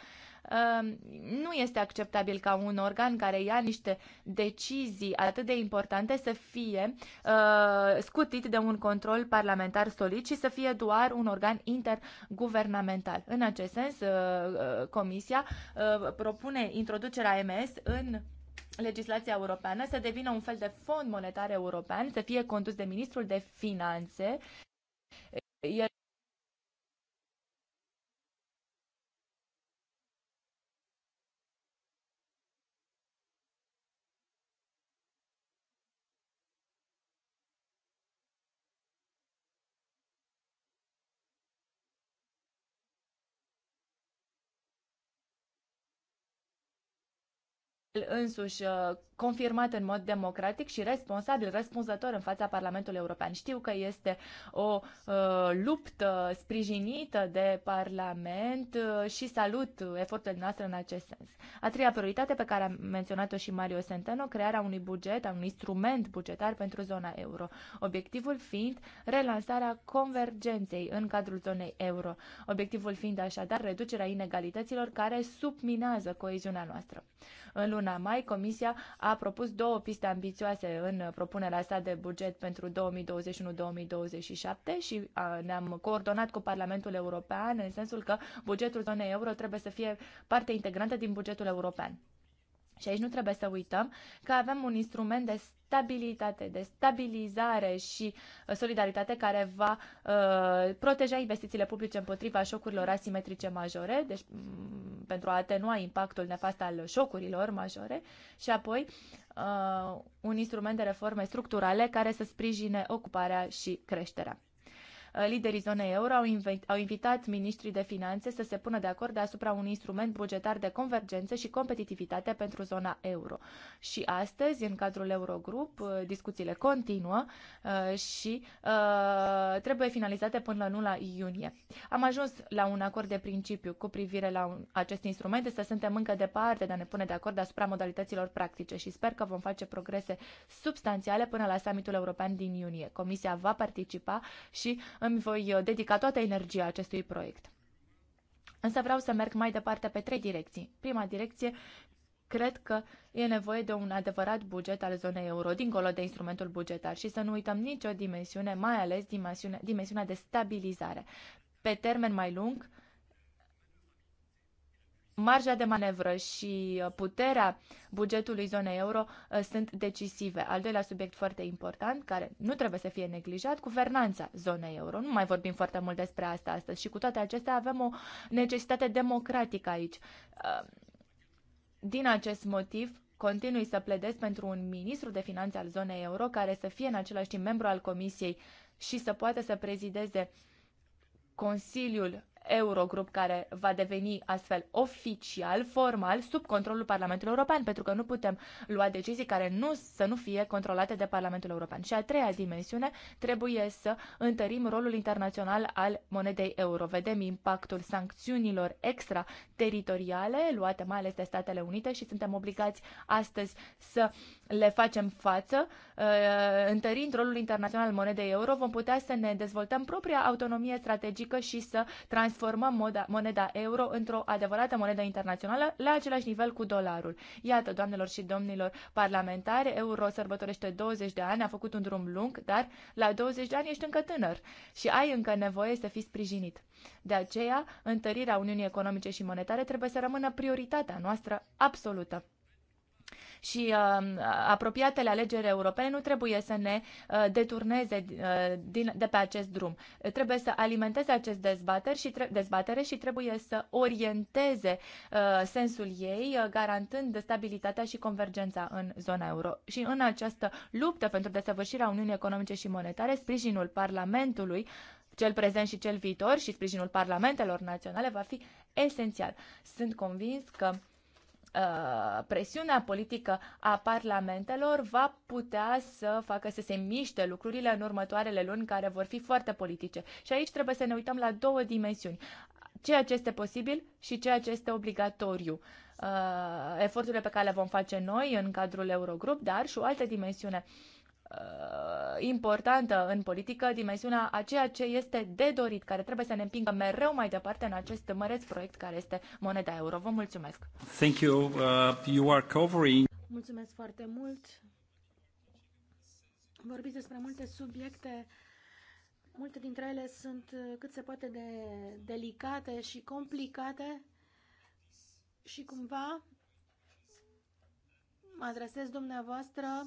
um, nu este acceptabil ca un organ care ia niște decizii atât de importante să fie uh, scutit de un control parlamentar solid și să fie doar un organ interguvernamental. În acest sens, uh, uh, Comisia propune introducerea MS în legislația europeană să devină un fel de fond monetar european, să fie condus de ministrul de finanțe hija însuși uh, confirmat în mod democratic și responsabil, răspunzător în fața Parlamentului European. Știu că este o uh, luptă sprijinită de Parlament uh, și salut eforturile noastre în acest sens. A treia prioritate pe care a menționat-o și Mario Centeno, crearea unui buget, a unui instrument bugetar pentru zona euro. Obiectivul fiind relansarea convergenței în cadrul zonei euro. Obiectivul fiind așadar reducerea inegalităților care subminează coeziunea noastră. În luna mai, Comisia a a propus două piste ambițioase în propunerea sa de buget pentru 2021-2027 și ne-am coordonat cu Parlamentul European în sensul că bugetul zonei euro trebuie să fie parte integrantă din bugetul european. Și aici nu trebuie să uităm că avem un instrument de stabilitate, de stabilizare și uh, solidaritate care va uh, proteja investițiile publice împotriva șocurilor asimetrice majore, deci pentru a atenua impactul nefast al șocurilor majore și apoi uh, un instrument de reforme structurale care să sprijine ocuparea și creșterea. Uh, liderii zonei euro au, au invitat ministrii de finanțe să se pună de acord asupra unui instrument bugetar de convergență și competitivitate pentru zona euro. Și astăzi, în cadrul Eurogrup, uh, discuțiile continuă uh, și trebuie finalizate până la 1 iunie. Am ajuns la un acord de principiu cu privire la un, acest instrument, să suntem încă departe de a ne pune de acord asupra modalităților practice și sper că vom face progrese substanțiale până la summitul european din iunie. Comisia va participa și îmi voi uh, dedica toată energia acestui proiect. Însă vreau să merg mai departe pe trei direcții. Prima direcție, cred că e nevoie de un adevărat buget al zonei euro, dincolo de instrumentul bugetar și să nu uităm nicio dimensiune, mai ales dimensiunea de stabilizare. Pe termen mai lung, uh, marja de manevră și uh, puterea bugetului zonei euro uh, sunt decisive. Al doilea subiect foarte important, care nu trebuie să fie neglijat, guvernanța zonei euro. Nu mai vorbim foarte mult despre asta astăzi și cu toate acestea avem o necesitate democratică aici. Uh, din acest motiv, continui să pledez pentru un ministru de finanțe al zonei euro care să fie în același timp membru al Comisiei și să poată să prezideze Consiliul Eurogrup care va deveni astfel oficial, formal, sub controlul Parlamentului European, pentru că nu putem lua decizii care nu să nu fie controlate de Parlamentul European. Și a treia dimensiune trebuie să întărim rolul internațional al monedei euro. Vedem impactul sancțiunilor extrateritoriale luate mai ales de Statele Unite și suntem obligați astăzi să le facem față. Uh, întărind rolul internațional al monedei euro, vom putea să ne dezvoltăm propria autonomie strategică și să trans transformăm moda, moneda euro într-o adevărată monedă internațională la același nivel cu dolarul. Iată, doamnelor și domnilor parlamentare, euro sărbătorește 20 de ani, a făcut un drum lung, dar la 20 de ani ești încă tânăr și ai încă nevoie să fii sprijinit. De aceea, întărirea Uniunii Economice și Monetare trebuie să rămână prioritatea noastră absolută și uh, apropiatele alegeri europene nu trebuie să ne uh, deturneze uh, din, de pe acest drum. Trebuie să alimenteze acest dezbatere și dezbatere și trebuie să orienteze sensul ei, garantând stabilitatea și convergența în zona euro. Și în această luptă pentru desăvârșirea Uniunii Economice și Monetare, sprijinul Parlamentului cel prezent și cel viitor și sprijinul parlamentelor naționale va fi esențial. Sunt convins că Uh, presiunea politică a parlamentelor va putea să facă să se miște lucrurile în următoarele luni care vor fi foarte politice. Și aici trebuie să ne uităm la două dimensiuni. Ceea ce este posibil și ceea ce este obligatoriu uh, eforturile pe care le vom face noi în cadrul Eurogrup, dar și o altă dimensiune Uh, importantă în politică dimensiunea a ceea ce este de dorit, care trebuie să ne împingă mereu mai departe în acest măreț proiect care este moneda euro. Vă mulțumesc! Thank you. Uh, you are covering. Mulțumesc foarte mult! Vorbiți despre multe subiecte, multe dintre ele sunt cât se poate de delicate și complicate și cumva mă adresez dumneavoastră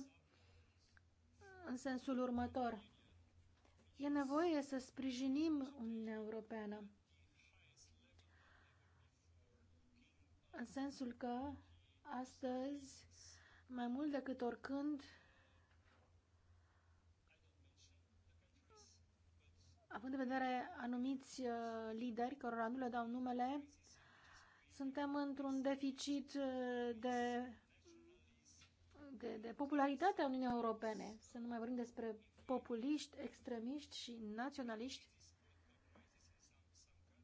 în sensul următor. E nevoie să sprijinim Uniunea Europeană în sensul că astăzi, mai mult decât oricând, având în vedere anumiți uh, lideri, cărora nu le dau numele, suntem într-un deficit uh, de de, de popularitatea Uniunii Europene, să nu mai vorbim despre populiști, extremiști și naționaliști.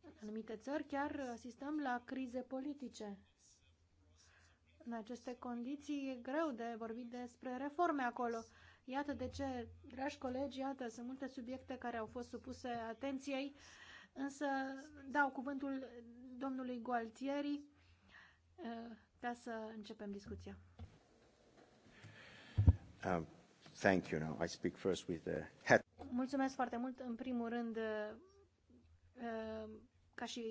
În anumite țări chiar asistăm la crize politice. În aceste condiții e greu de vorbit despre reforme acolo. Iată de ce, dragi colegi, iată, sunt multe subiecte care au fost supuse atenției, însă dau cuvântul domnului Gualtieri eh, ca să începem discuția. Um, thank you. Now I speak first with the uh, head. Mulțumesc foarte mult. În primul rând, uh, um, ca și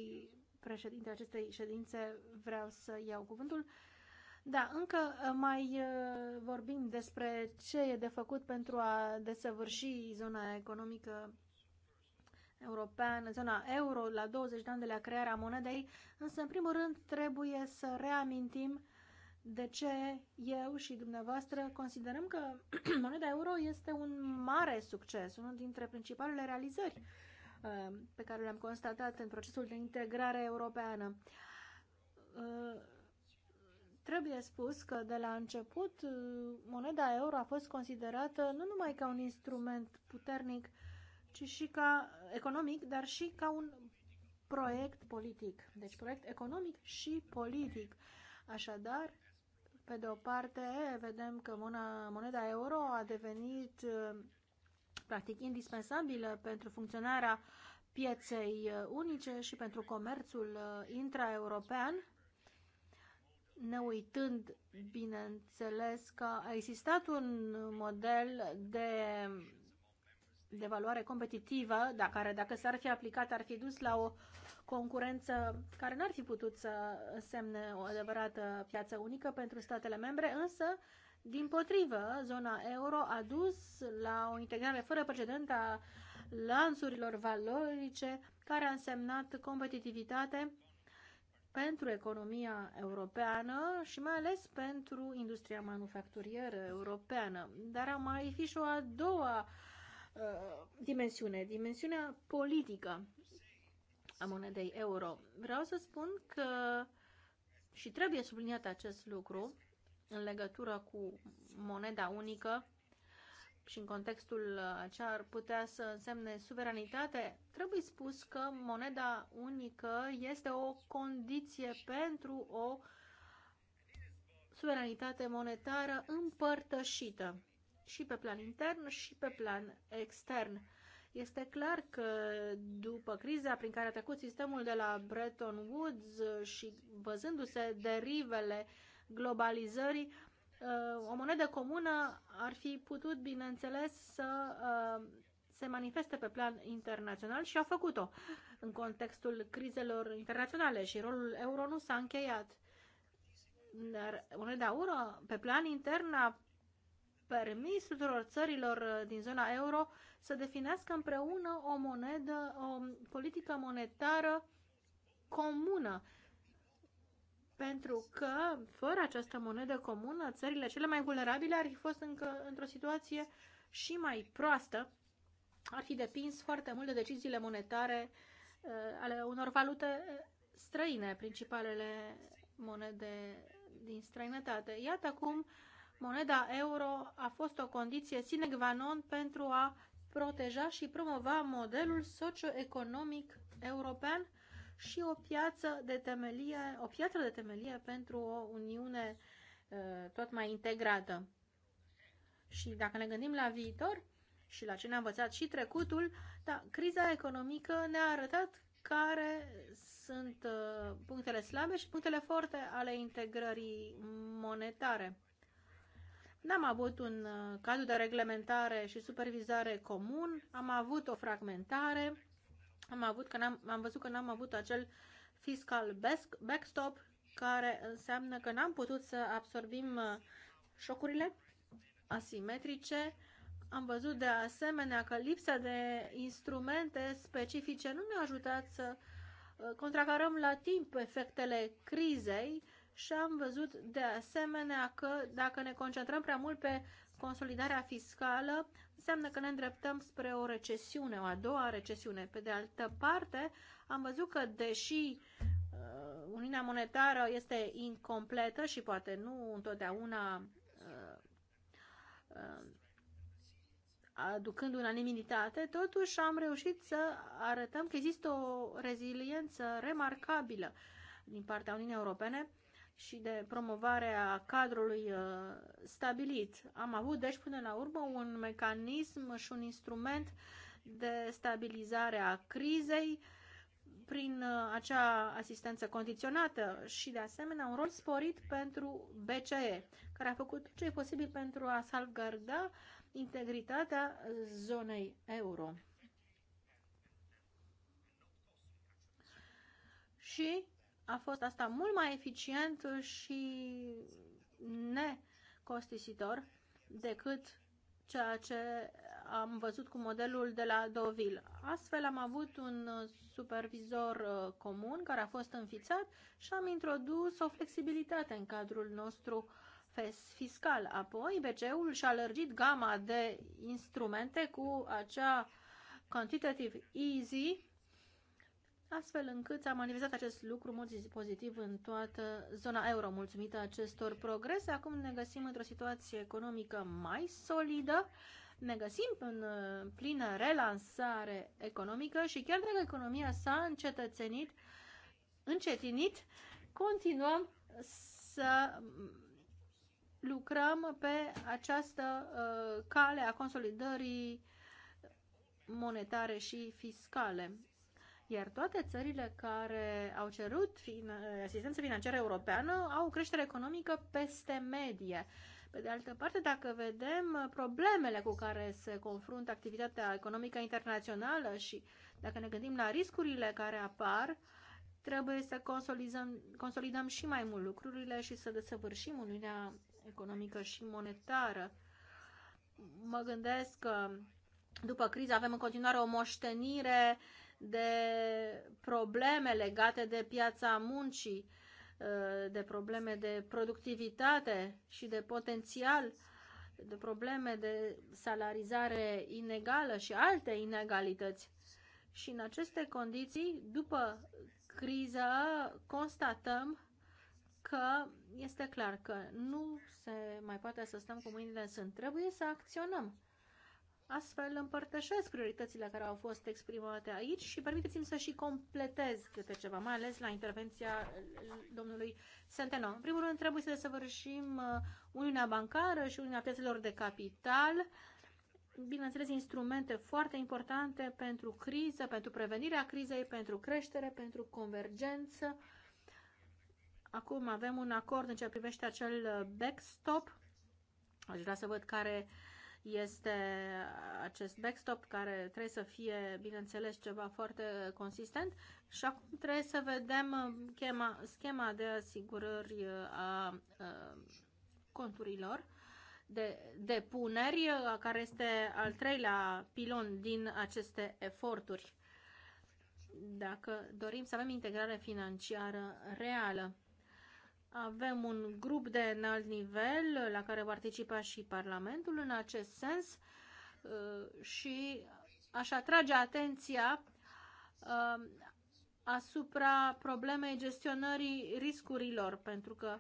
președinte acestei ședințe, vreau să iau cuvântul. Da, încă uh, mai vorbim despre ce e de făcut pentru a desăvârși zona economică europeană, zona euro, la 20 de ani de la crearea monedei, însă, în primul rând, trebuie să reamintim de ce eu și dumneavoastră considerăm că <clears throat> moneda euro este un mare succes, unul dintre principalele realizări uh, pe care le-am constatat în procesul de integrare europeană. Uh, trebuie spus că de la început uh, moneda euro a fost considerată nu numai ca un instrument puternic, ci și ca economic, dar și ca un proiect politic. Deci proiect economic și politic. Așadar, pe de o parte, vedem că mona, moneda euro a devenit uh, practic indispensabilă pentru funcționarea pieței uh, unice și pentru comerțul uh, intraeuropean, ne uitând, bineînțeles, că a existat un model de, de valoare competitivă, dar care, dacă s-ar fi aplicat, ar fi dus la o concurență care n-ar fi putut să semne o adevărată piață unică pentru statele membre, însă, din potrivă, zona euro a dus la o integrare fără precedent a lanțurilor valorice, care a însemnat competitivitate pentru economia europeană și mai ales pentru industria manufacturieră europeană. Dar a mai fi și o a doua uh, dimensiune, dimensiunea politică a monedei euro. Vreau să spun că și trebuie subliniat acest lucru în legătură cu moneda unică și în contextul ce ar putea să însemne suveranitate, trebuie spus că moneda unică este o condiție pentru o suveranitate monetară împărtășită și pe plan intern și pe plan extern. Este clar că după criza prin care a trecut sistemul de la Bretton Woods și văzându-se derivele globalizării, uh, o monedă comună ar fi putut, bineînțeles, să uh, se manifeste pe plan internațional și a făcut-o în contextul crizelor internaționale și rolul euro nu s-a încheiat. Dar moneda euro, pe plan intern, a permis tuturor țărilor din zona euro să definească împreună o monedă, o politică monetară comună. Pentru că, fără această monedă comună, țările cele mai vulnerabile ar fi fost încă într-o situație și mai proastă, ar fi depins foarte mult de deciziile monetare uh, ale unor valute uh, străine, principalele monede din străinătate. Iată cum moneda euro a fost o condiție sine qua non pentru a proteja și promova modelul socioeconomic european și o piață de temelie, o piatră de temelie pentru o uniune uh, tot mai integrată. Și dacă ne gândim la viitor și la ce ne-a învățat și trecutul, da, criza economică ne-a arătat care sunt uh, punctele slabe și punctele forte ale integrării monetare. N-am avut un uh, cadru de reglementare și supervizare comun, am avut o fragmentare, am, avut că am am văzut că n-am avut acel fiscal backstop, care înseamnă că n-am putut să absorbim uh, șocurile asimetrice. Am văzut de asemenea că lipsa de instrumente specifice nu ne-a ajutat să uh, contracarăm la timp efectele crizei și am văzut de asemenea că dacă ne concentrăm prea mult pe consolidarea fiscală, înseamnă că ne îndreptăm spre o recesiune, o a doua recesiune. Pe de altă parte, am văzut că deși uh, Uniunea Monetară este incompletă și poate nu întotdeauna uh, uh, aducând unanimitate, totuși am reușit să arătăm că există o reziliență remarcabilă din partea Uniunii Europene și de promovare a cadrului uh, stabilit. Am avut, deci, până la urmă, un mecanism și un instrument de stabilizare a crizei prin uh, acea asistență condiționată și, de asemenea, un rol sporit pentru BCE, care a făcut ce e posibil pentru a salvgarda integritatea zonei euro. Și a fost asta mult mai eficient și necostisitor decât ceea ce am văzut cu modelul de la Deauville. Astfel am avut un supervizor uh, comun care a fost înfițat și am introdus o flexibilitate în cadrul nostru fiscal. Apoi BCE-ul și-a lărgit gama de instrumente cu acea quantitative easy astfel încât s-a manifestat acest lucru în mod pozitiv în toată zona euro. Mulțumită acestor progrese, acum ne găsim într-o situație economică mai solidă, ne găsim în uh, plină relansare economică și chiar dacă economia s-a încetățenit, încetinit, continuăm să mm, lucrăm pe această uh, cale a consolidării monetare și fiscale. Iar toate țările care au cerut asistență financiară europeană au o creștere economică peste medie. Pe de altă parte, dacă vedem problemele cu care se confruntă activitatea economică internațională și dacă ne gândim la riscurile care apar, trebuie să consolidăm, consolidăm și mai mult lucrurile și să desăvârșim uniunea economică și monetară. Mă gândesc că după criză avem în continuare o moștenire uh, de probleme legate de piața muncii, ă, de probleme de productivitate și de potențial, de probleme de salarizare inegală și alte inegalități. Și în aceste condiții, după criză, constatăm că este clar că nu se mai poate să stăm cu mâinile în sân. Trebuie să acționăm. Astfel împărtășesc prioritățile care au fost exprimate aici și permiteți-mi să și completez câte ceva, mai ales la intervenția domnului Senteno. În primul rând, trebuie să desăvârșim uh, Uniunea Bancară și Uniunea Piețelor de Capital, bineînțeles, instrumente foarte importante pentru criză, pentru prevenirea crizei, pentru creștere, pentru convergență. Acum avem un acord în ce privește acel uh, backstop. Aș vrea să văd care uh, este acest backstop care trebuie să fie, bineînțeles, ceva foarte consistent și acum trebuie să vedem schema, uh, schema de asigurări uh, a uh, conturilor de depuneri, care este al treilea pilon din aceste eforturi. Dacă dorim să avem integrare financiară reală, avem un grup de înalt nivel la care participa și Parlamentul în acest sens uh, și aș atrage atenția uh, asupra problemei gestionării riscurilor, pentru că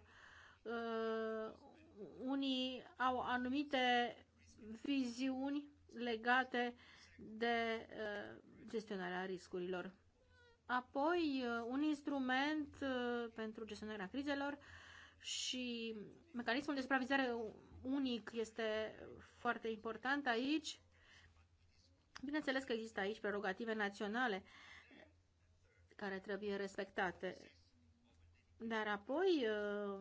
uh, unii au anumite viziuni legate de gestionarea riscurilor apoi uh, un instrument uh, pentru gestionarea crizelor și mecanismul de supravizare unic este foarte important aici. Bineînțeles că există aici prerogative naționale care trebuie respectate. Dar apoi uh,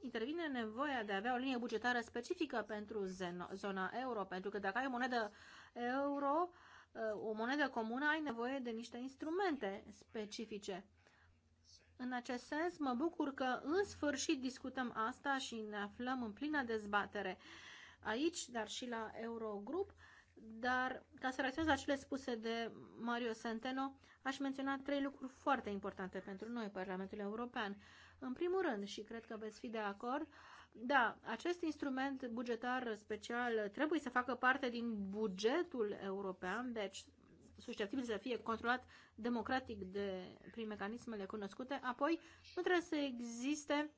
intervine nevoia de a avea o linie bugetară specifică pentru zona euro, pentru că dacă ai o monedă euro, Uh, o monedă comună, ai nevoie de niște instrumente specifice. În acest sens, mă bucur că în sfârșit discutăm asta și ne aflăm în plină dezbatere aici, dar și la Eurogrup. Dar, ca să reacționez la cele spuse de Mario Centeno, aș menționa trei lucruri foarte importante pentru noi, Parlamentul European. În primul rând, și cred că veți fi de acord, uh, da, acest instrument bugetar special trebuie să facă parte din bugetul european, deci susceptibil să fie controlat democratic de, prin mecanismele cunoscute, apoi nu trebuie să existe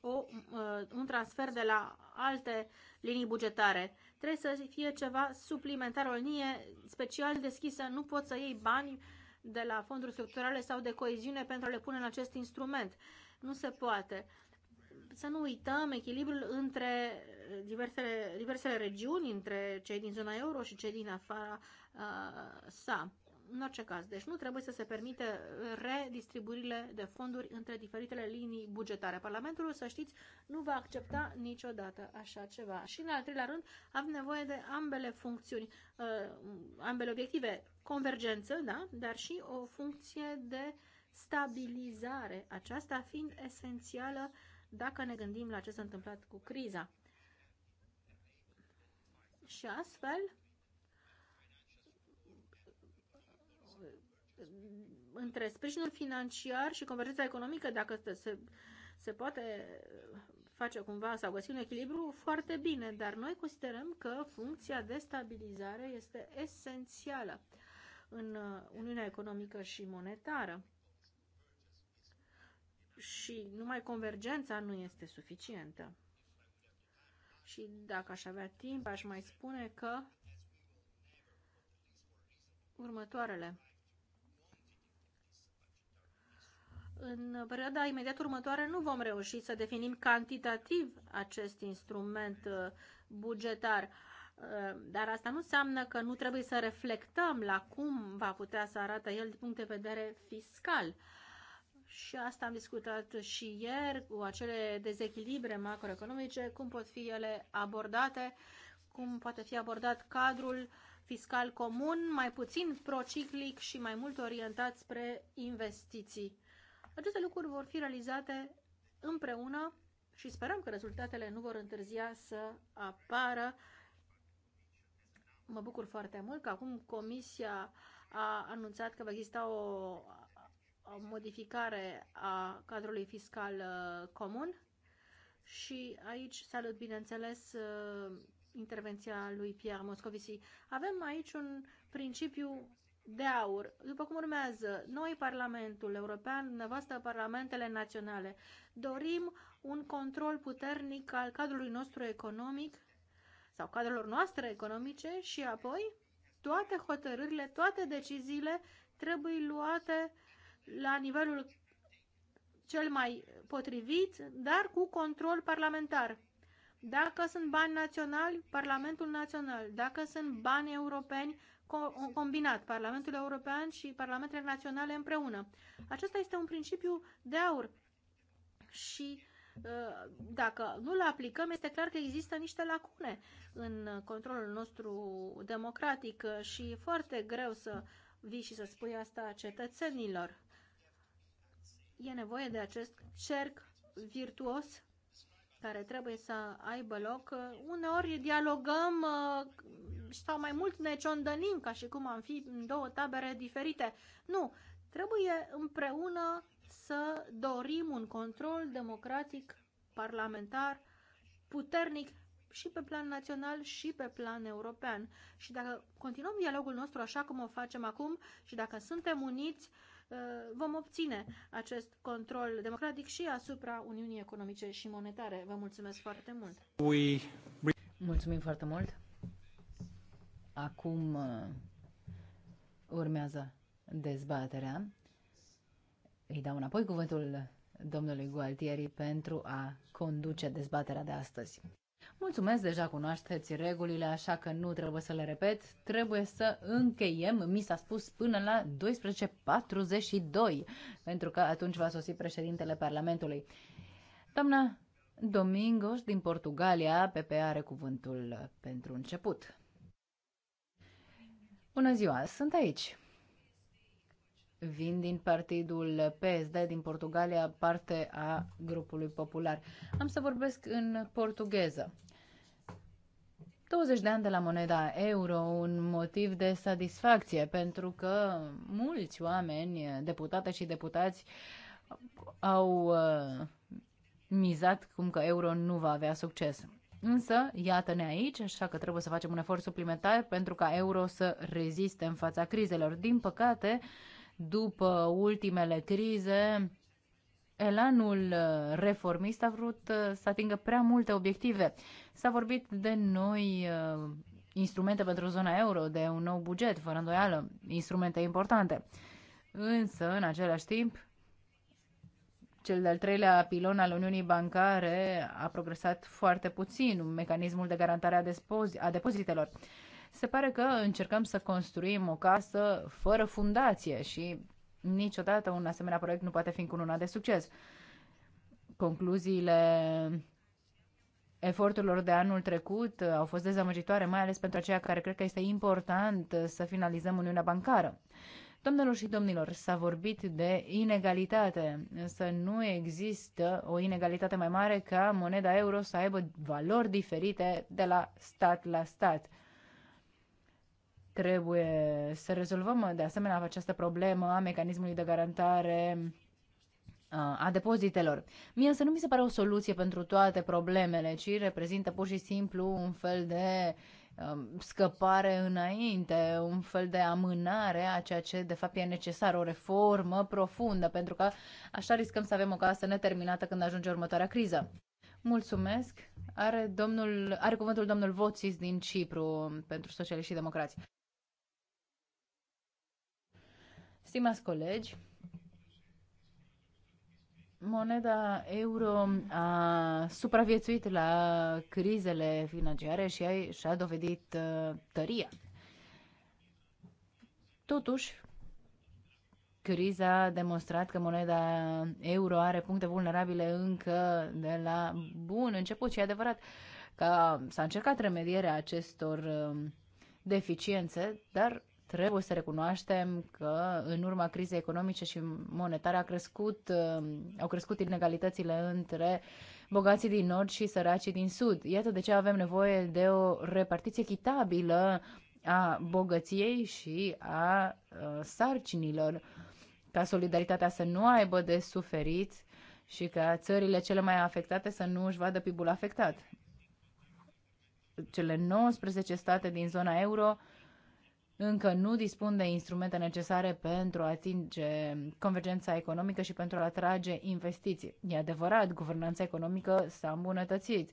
o, uh, un transfer de la alte linii bugetare. Trebuie să fie ceva suplimentar, o linie special deschisă. Nu poți să iei bani de la fonduri structurale sau de coeziune pentru a le pune în acest instrument. Nu se poate să nu uităm echilibrul între eh, diversele, diversele regiuni, între cei din zona euro și cei din afara uh, sa. În orice caz, deci nu trebuie să se permite redistribuirile de fonduri între diferitele linii bugetare. Parlamentul, să știți, nu va accepta niciodată așa ceva. Și în al treilea rând, avem nevoie de ambele funcțiuni, uh, ambele obiective, convergență, da, dar și o funcție de stabilizare, aceasta fiind esențială uh, dacă ne gândim la ce s-a întâmplat cu criza. Și astfel, între sprijinul financiar și convergența economică, dacă se, se poate face cumva sau găsi un echilibru, foarte bine, dar noi considerăm că funcția de stabilizare este esențială în uh, Uniunea Economică și Monetară și numai convergența nu este suficientă. Și dacă aș avea timp, aș mai spune că următoarele. În perioada imediat următoare nu vom reuși să definim cantitativ acest instrument uh, bugetar, uh, dar asta nu înseamnă că nu trebuie să reflectăm la cum va putea să arate el din punct de vedere fiscal și asta am discutat și ieri cu acele dezechilibre macroeconomice, cum pot fi ele abordate, cum poate fi abordat cadrul fiscal comun, mai puțin prociclic și mai mult orientat spre investiții. Aceste lucruri vor fi realizate împreună și sperăm că rezultatele nu vor întârzia să apară. Mă bucur foarte mult că acum Comisia a anunțat că va exista o o modificare a cadrului fiscal uh, comun și aici salut, bineînțeles, uh, intervenția lui Pierre Moscovici. Avem aici un principiu de aur, după cum urmează, noi, Parlamentul European, dumneavoastră, Parlamentele Naționale, dorim un control puternic al cadrului nostru economic sau cadrelor noastre economice și apoi toate hotărârile, toate deciziile trebuie luate la nivelul cel mai potrivit, dar cu control parlamentar. Dacă sunt bani naționali, Parlamentul Național. Dacă sunt bani europeni, combinat Parlamentul European și Parlamentele Naționale împreună. Acesta este un principiu de aur și uh, dacă nu-l aplicăm, este clar că există niște lacune în controlul nostru democratic și e foarte greu să vii și să spui asta cetățenilor e nevoie de acest cerc virtuos care trebuie să aibă loc. Uneori dialogăm uh, sau mai mult ne ciondănim ca și cum am fi în două tabere diferite. Nu, trebuie împreună să dorim un control democratic, parlamentar, puternic și pe plan național și pe plan european. Și dacă continuăm dialogul nostru așa cum o facem acum și dacă suntem uniți, uh, Uh, vom obține acest control democratic și asupra Uniunii Economice și Monetare. Vă mulțumesc foarte mult! Mulțumim foarte mult! Acum uh, urmează dezbaterea. Îi dau înapoi cuvântul domnului Gualtieri pentru a conduce dezbaterea de astăzi. Mulțumesc, deja cunoașteți regulile, așa că nu trebuie să le repet. Trebuie să încheiem, mi s-a spus, până la 12.42, pentru că atunci va sosi președintele Parlamentului. Doamna Domingos din Portugalia, PP are cuvântul pentru început. Bună ziua, sunt aici vin din partidul PSD din Portugalia, parte a grupului popular. Am să vorbesc în portugheză. 20 de ani de la moneda euro, un motiv de satisfacție, pentru că mulți oameni, deputate și deputați, au uh, mizat cum că euro nu va avea succes. Însă, iată-ne aici, așa că trebuie să facem un efort suplimentar pentru ca euro să reziste în fața crizelor. Din păcate, uh, după ultimele crize, elanul reformist a vrut uh, să atingă prea multe obiective. S-a vorbit de noi uh, instrumente pentru zona euro, de un nou buget, fără îndoială, instrumente importante. Însă, în același timp, cel de-al treilea pilon al Uniunii Bancare a progresat foarte puțin, mecanismul de garantare a, a depozitelor. Se pare că încercăm să construim o casă fără fundație și niciodată un asemenea proiect nu poate fi una de succes. Concluziile eforturilor de anul trecut au fost dezamăgitoare, mai ales pentru aceia care cred că este important să finalizăm Uniunea Bancară. Domnilor și domnilor, s-a vorbit de inegalitate, însă nu există o inegalitate mai mare ca moneda euro să aibă valori diferite de la stat la stat. Trebuie să rezolvăm de asemenea această problemă a mecanismului de garantare a depozitelor. Mie însă nu mi se pare o soluție pentru toate problemele, ci reprezintă pur și simplu un fel de um, scăpare înainte, un fel de amânare a ceea ce de fapt e necesar, o reformă profundă, pentru că așa riscăm să avem o casă neterminată când ajunge următoarea criză. Mulțumesc. Are, domnul, are cuvântul domnul Voțis din Cipru um, pentru Socialiști și Democrați. Stimați colegi, moneda euro a supraviețuit la crizele financiare și a, dovedit uh, tăria. Totuși, criza a demonstrat că moneda euro are puncte vulnerabile încă de la bun început și e adevărat că s-a încercat remedierea acestor um, deficiențe, dar Trebuie să recunoaștem că în urma crizei economice și monetare a crescut, um, au crescut inegalitățile între bogații din nord și săracii din sud. Iată de ce avem nevoie de o repartiție echitabilă a bogăției și a uh, sarcinilor, ca solidaritatea să nu aibă de suferit și ca țările cele mai afectate să nu își vadă PIB-ul afectat. Cele 19 state din zona euro încă nu dispun de instrumente necesare pentru a atinge convergența economică și pentru a atrage investiții. E adevărat, guvernanța economică s-a îmbunătățit.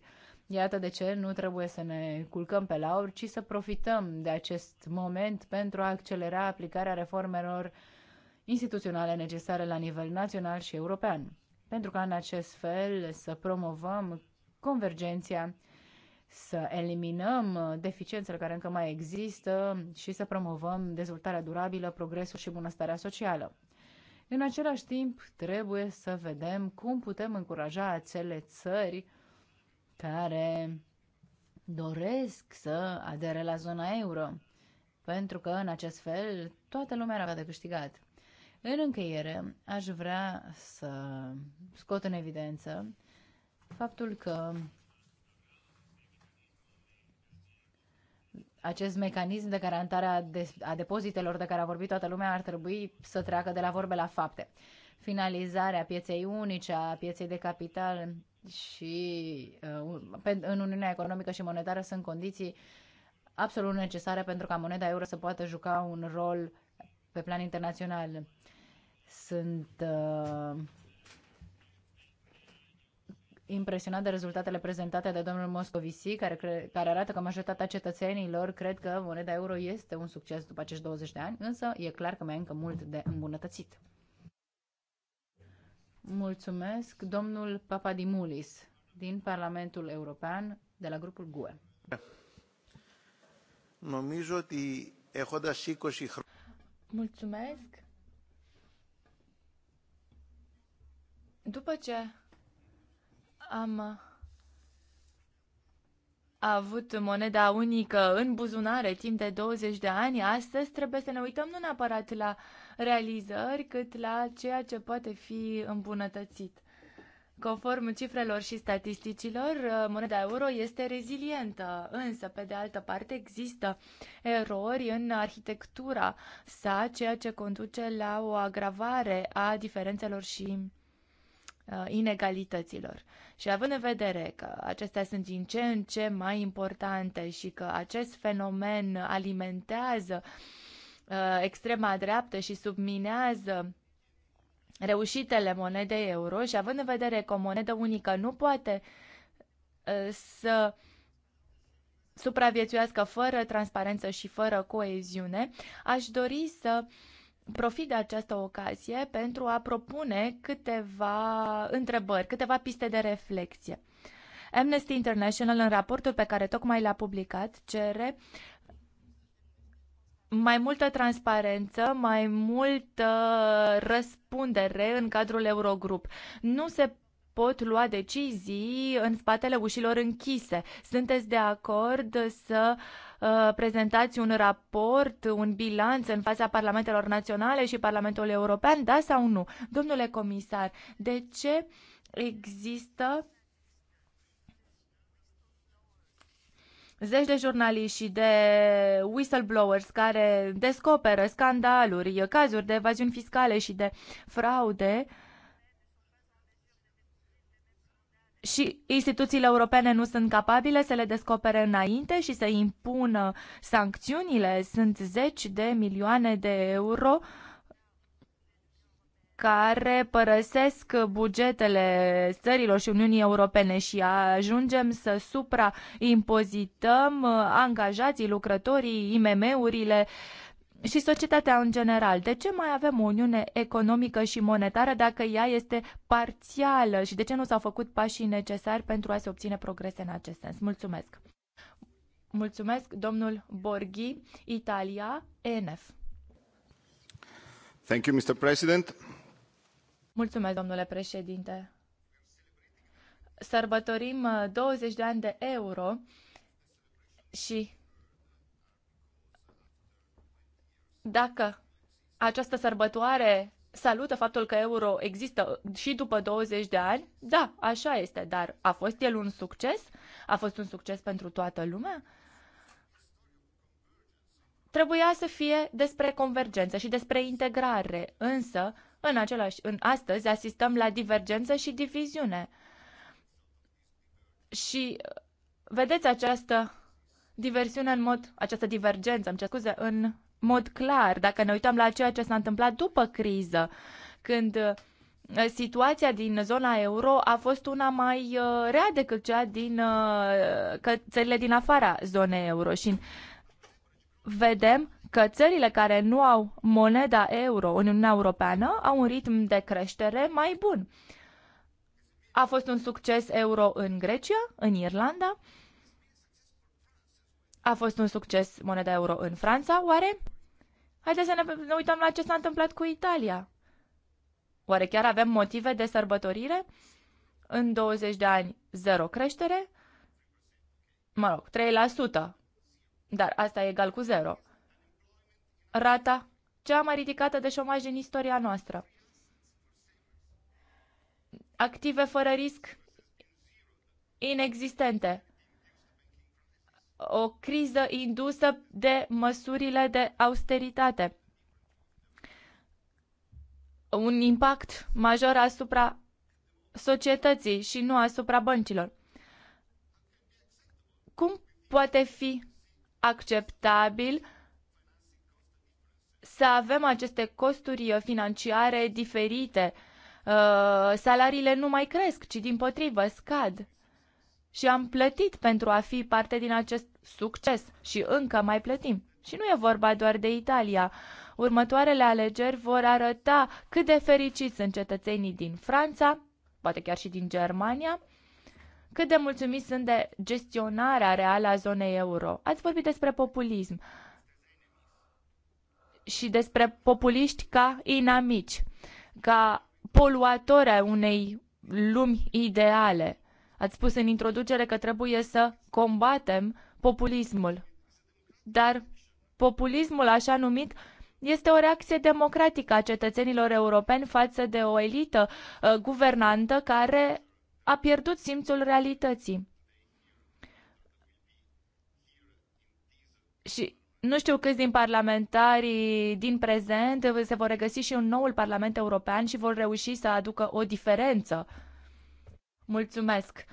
Iată de ce nu trebuie să ne culcăm pe lauri, ci să profităm de acest moment pentru a accelera aplicarea reformelor instituționale necesare la nivel național și european, pentru ca în acest fel să promovăm convergenția să eliminăm uh, deficiențele care încă mai există și să promovăm dezvoltarea durabilă, progresul și bunăstarea socială. În același timp, trebuie să vedem cum putem încuraja acele țări care doresc să adere la zona euro, pentru că în acest fel toată lumea ar avea de câștigat. În încheiere, aș vrea să scot în evidență faptul că acest mecanism de garantare a, de, a depozitelor de care a vorbit toată lumea ar trebui să treacă de la vorbe la fapte. Finalizarea pieței unice, a pieței de capital și uh, în Uniunea Economică și Monetară sunt condiții absolut necesare pentru ca moneda euro să poată juca un rol pe plan internațional. Sunt uh, impresionat de rezultatele prezentate de domnul Moscovici, care, cre- care arată că majoritatea cetățenilor cred că moneda euro este un succes după acești 20 de ani, însă e clar că mai e încă mult de îmbunătățit. Mulțumesc, domnul Papadimulis, din Parlamentul European, de la grupul GUE. Mulțumesc. După ce am uh, a avut moneda unică în buzunare timp de 20 de ani, astăzi trebuie să ne uităm nu neapărat la realizări, cât la ceea ce poate fi îmbunătățit. Conform cifrelor și statisticilor, uh, moneda euro este rezilientă, însă, pe de altă parte, există erori în arhitectura sa, ceea ce conduce la o agravare a diferențelor și uh, inegalităților. Și având în vedere că acestea sunt din ce în ce mai importante și că acest fenomen alimentează uh, extrema dreaptă și subminează reușitele monedei euro și având în vedere că o monedă unică nu poate uh, să supraviețuiască fără transparență și fără coeziune, aș dori să uh, profit de această ocazie pentru a propune câteva întrebări, câteva piste de reflexie. Amnesty International, în raportul pe care tocmai l-a publicat, cere mai multă transparență, mai multă răspundere în cadrul Eurogrup. Nu se pot lua decizii în spatele ușilor închise. Sunteți de acord să uh, prezentați un raport, un bilanț în fața parlamentelor naționale și Parlamentul European, da sau nu? Domnule comisar, de ce există zeci de jurnaliști și de whistleblowers care descoperă scandaluri, cazuri de evaziuni fiscale și de fraude uh, și instituțiile europene nu sunt capabile să le descopere înainte și să impună sancțiunile. Sunt zeci de milioane de euro care părăsesc bugetele țărilor și Uniunii Europene și ajungem să supraimpozităm uh, angajații, lucrătorii, IMM-urile și societatea în general. De ce mai avem o uniune economică și monetară dacă ea este parțială și de ce nu s-au făcut pașii necesari pentru a se obține progrese în acest sens? Mulțumesc! Mulțumesc, domnul Borghi, Italia, ENF. Thank you, Mr. President. Mulțumesc, domnule președinte. Sărbătorim 20 uh, de ani de euro și dacă această sărbătoare salută faptul că euro există și după 20 de ani, da, așa este, dar a fost el un succes? A fost un succes pentru toată lumea? Trebuia să fie despre convergență și despre integrare, însă, în același, în astăzi asistăm la divergență și diviziune. Și vedeți această diversiune în mod, această divergență, îmi cer scuze, în mod clar dacă ne uităm la ceea ce s-a întâmplat după criză, când uh, situația din zona euro a fost una mai uh, rea decât cea din uh, țările din afara zonei euro și vedem că țările care nu au moneda euro în Uniunea Europeană au un ritm de creștere mai bun. A fost un succes euro în Grecia, în Irlanda, a fost un succes moneda euro în Franța, oare? Haideți să ne, ne uităm la ce s-a întâmplat cu Italia. Oare chiar avem motive de sărbătorire? În 20 de ani, zero creștere? Mă rog, 3%. Dar asta e egal cu zero. Rata cea mai ridicată de șomaj din istoria noastră. Active fără risc inexistente o criză indusă de măsurile de austeritate. Un impact major asupra societății și nu asupra băncilor. Cum poate fi acceptabil să avem aceste costuri financiare diferite? Uh, salariile nu mai cresc, ci din potrivă scad. Și am plătit pentru a fi parte din acest succes și încă mai plătim. Și nu e vorba doar de Italia. Următoarele alegeri vor arăta cât de fericiți sunt cetățenii din Franța, poate chiar și din Germania, cât de mulțumiți sunt de gestionarea reală a zonei euro. Ați vorbit despre populism și despre populiști ca inamici, ca poluatori ai unei lumi ideale. Ați spus în introducere că trebuie să combatem populismul. Dar populismul așa numit este o reacție democratică a cetățenilor europeni față de o elită uh, guvernantă care a pierdut simțul realității. Și nu știu câți din parlamentarii din prezent se vor regăsi și în noul Parlament European și vor reuși să aducă o diferență. Mulțumesc!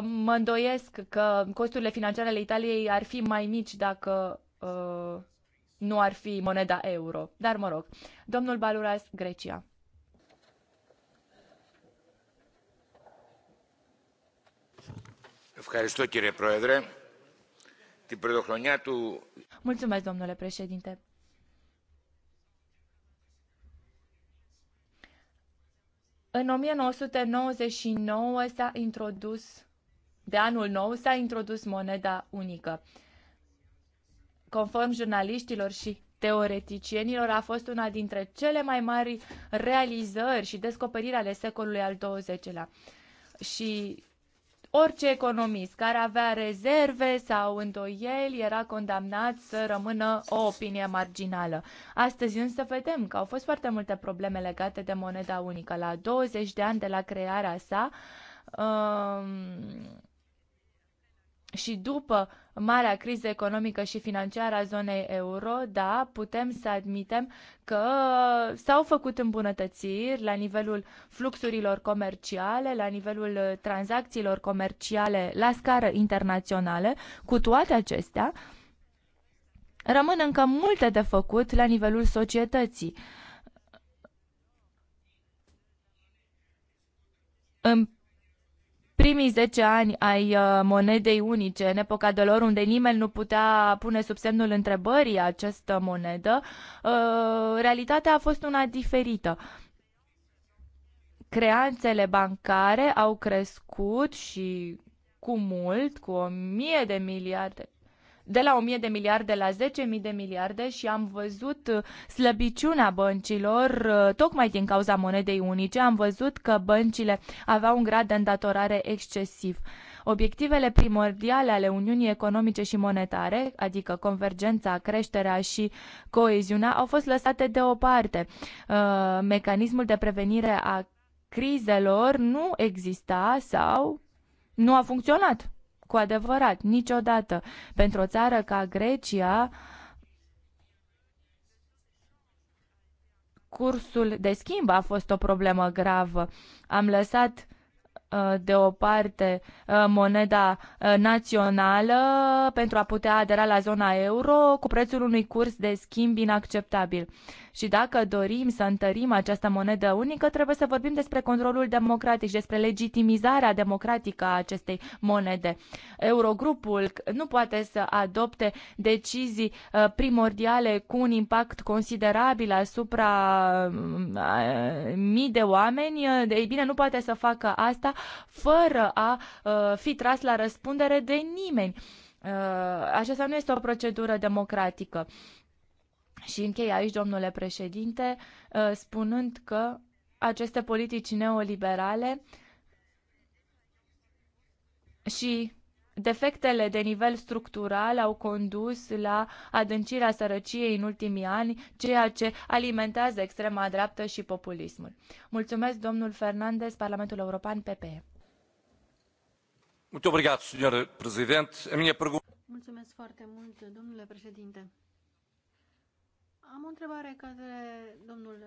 mă îndoiesc că costurile financiare ale Italiei ar fi mai mici dacă ă, nu ar fi moneda euro. Dar mă rog, domnul Baluras, Grecia. Mulțumesc, domnule președinte. În 1999 s-a introdus de anul nou s-a introdus moneda unică. Conform jurnaliștilor și teoreticienilor, a fost una dintre cele mai mari realizări și descoperiri ale secolului al XX-lea. Și orice economist care avea rezerve sau îndoieli era condamnat să rămână o opinie marginală. Astăzi însă vedem că au fost foarte multe probleme legate de moneda unică. La 20 de ani de la crearea sa, um, și după marea criză economică și financiară a zonei euro, da, putem să admitem că s-au făcut îmbunătățiri la nivelul fluxurilor comerciale, la nivelul uh, tranzacțiilor comerciale la scară internațională. Cu toate acestea, rămân încă multe de făcut la nivelul societății. În primii 10 ani ai uh, monedei unice, în epoca de lor, unde nimeni nu putea pune sub semnul întrebării această monedă, uh, realitatea a fost una diferită creanțele bancare au crescut și cu mult, cu o mie de miliarde de la 1000 de miliarde la 10.000 de miliarde și am văzut uh, slăbiciunea băncilor uh, tocmai din cauza monedei unice. Am văzut că băncile aveau un grad de îndatorare excesiv. Obiectivele primordiale ale Uniunii Economice și Monetare, adică convergența, creșterea și coeziunea, au fost lăsate deoparte. Uh, mecanismul de prevenire a crizelor nu exista sau nu a funcționat cu adevărat, niciodată. Pentru o țară ca Grecia, cursul de schimb a fost o problemă gravă. Am lăsat uh, de o parte uh, moneda uh, națională pentru a putea adera la zona euro cu prețul unui curs de schimb inacceptabil. Și dacă dorim să întărim această monedă unică, trebuie să vorbim despre controlul democratic și despre legitimizarea democratică a acestei monede. Eurogrupul nu poate să adopte decizii uh, primordiale cu un impact considerabil asupra uh, mii de oameni. Uh, ei bine, nu poate să facă asta fără a fi tras la răspundere de nimeni. Aceasta nu este o procedură democratică. Și închei aici, domnule președinte, uh, spunând că aceste politici neoliberale și defectele de nivel structural au condus la adâncirea sărăciei în ultimii ani, ceea ce alimentează extrema dreaptă și populismul. Mulțumesc, domnul Fernandez, Parlamentul European, PPE. Mulțumesc foarte mult, domnule președinte. Am o întrebare către domnul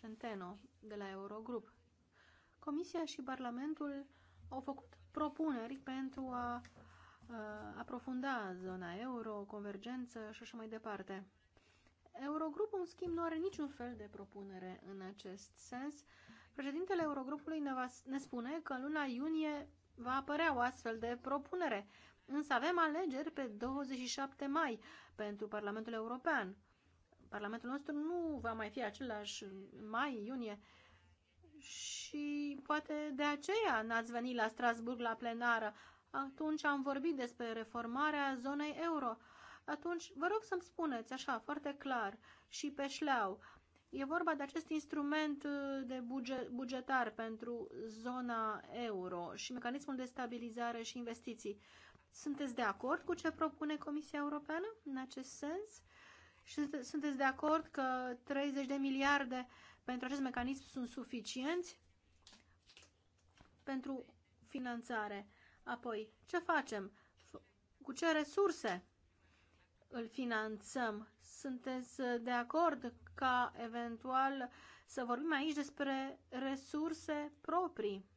Centeno de la Eurogrup. Comisia și Parlamentul au făcut propuneri pentru a, a aprofunda zona euro, convergență și așa mai departe. Eurogrupul, în schimb, nu are niciun fel de propunere în acest sens. Președintele Eurogrupului ne, va, ne spune că în luna iunie va apărea o astfel de propunere, însă avem alegeri pe 27 mai pentru Parlamentul European. Parlamentul nostru nu va mai fi același mai, iunie și poate de aceea n-ați venit la Strasburg la plenară. Atunci am vorbit despre reformarea zonei euro. Atunci vă rog să-mi spuneți așa foarte clar și pe șleau. E vorba de acest instrument uh, de buget, bugetar pentru zona euro și mecanismul de stabilizare și investiții. Sunteți de acord cu ce propune Comisia Europeană în acest sens? Și sunteți de acord că 30 de miliarde pentru acest mecanism sunt suficienți pentru finanțare? Apoi, ce facem? Cu ce resurse îl finanțăm? Sunteți de acord ca eventual să vorbim aici despre resurse proprii?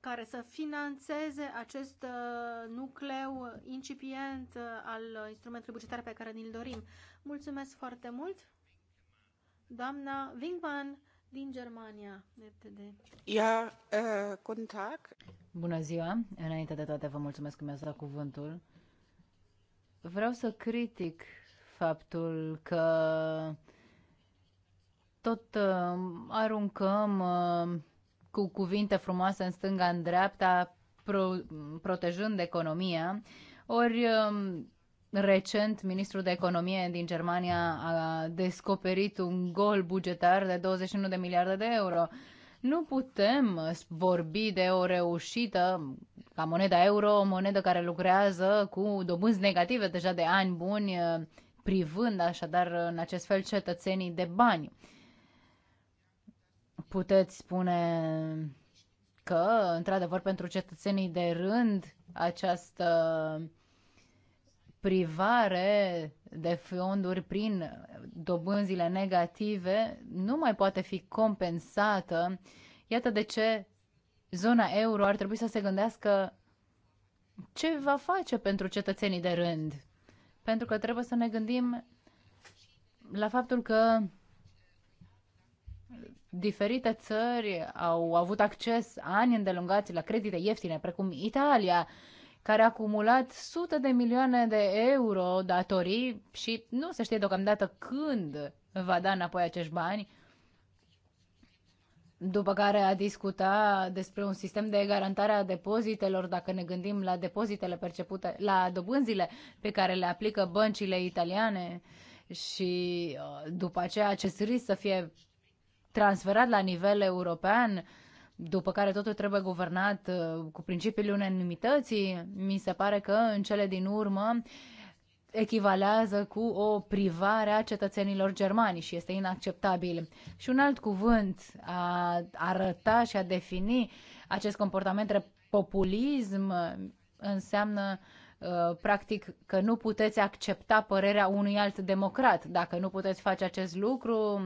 care să financeze acest uh, nucleu incipient uh, al instrumentului bugetar pe care ni-l dorim. Mulțumesc foarte mult, doamna Wingman din Germania. Ia, uh, contact. Bună ziua! Înainte de toate, vă mulțumesc că mi-ați dat cuvântul. Vreau să critic faptul că tot uh, aruncăm uh, cu cuvinte frumoase în stânga, în dreapta, pro, protejând economia, ori um, recent ministrul de economie din Germania a descoperit un gol bugetar de 21 de miliarde de euro. Nu putem vorbi de o reușită ca moneda euro, o monedă care lucrează cu dobânzi negative deja de ani buni, privând așadar în acest fel cetățenii de bani puteți spune că, într-adevăr, pentru cetățenii de rând, această privare de fonduri prin dobânzile negative nu mai poate fi compensată. Iată de ce zona euro ar trebui să se gândească ce va face pentru cetățenii de rând. Pentru că trebuie să ne gândim la faptul că Diferite țări au avut acces ani îndelungați la credite ieftine, precum Italia, care a acumulat sute de milioane de euro datorii și nu se știe deocamdată când va da înapoi acești bani, după care a discuta despre un sistem de garantare a depozitelor, dacă ne gândim la depozitele percepute, la dobânzile pe care le aplică băncile italiane și uh, după aceea acest risc să fie transferat la nivel european, după care totul trebuie guvernat uh, cu principiile unanimității, mi se pare că în cele din urmă echivalează cu o privare a cetățenilor germani și este inacceptabil. Și un alt cuvânt a arăta și a defini acest comportament de populism înseamnă uh, practic că nu puteți accepta părerea unui alt democrat. Dacă nu puteți face acest lucru,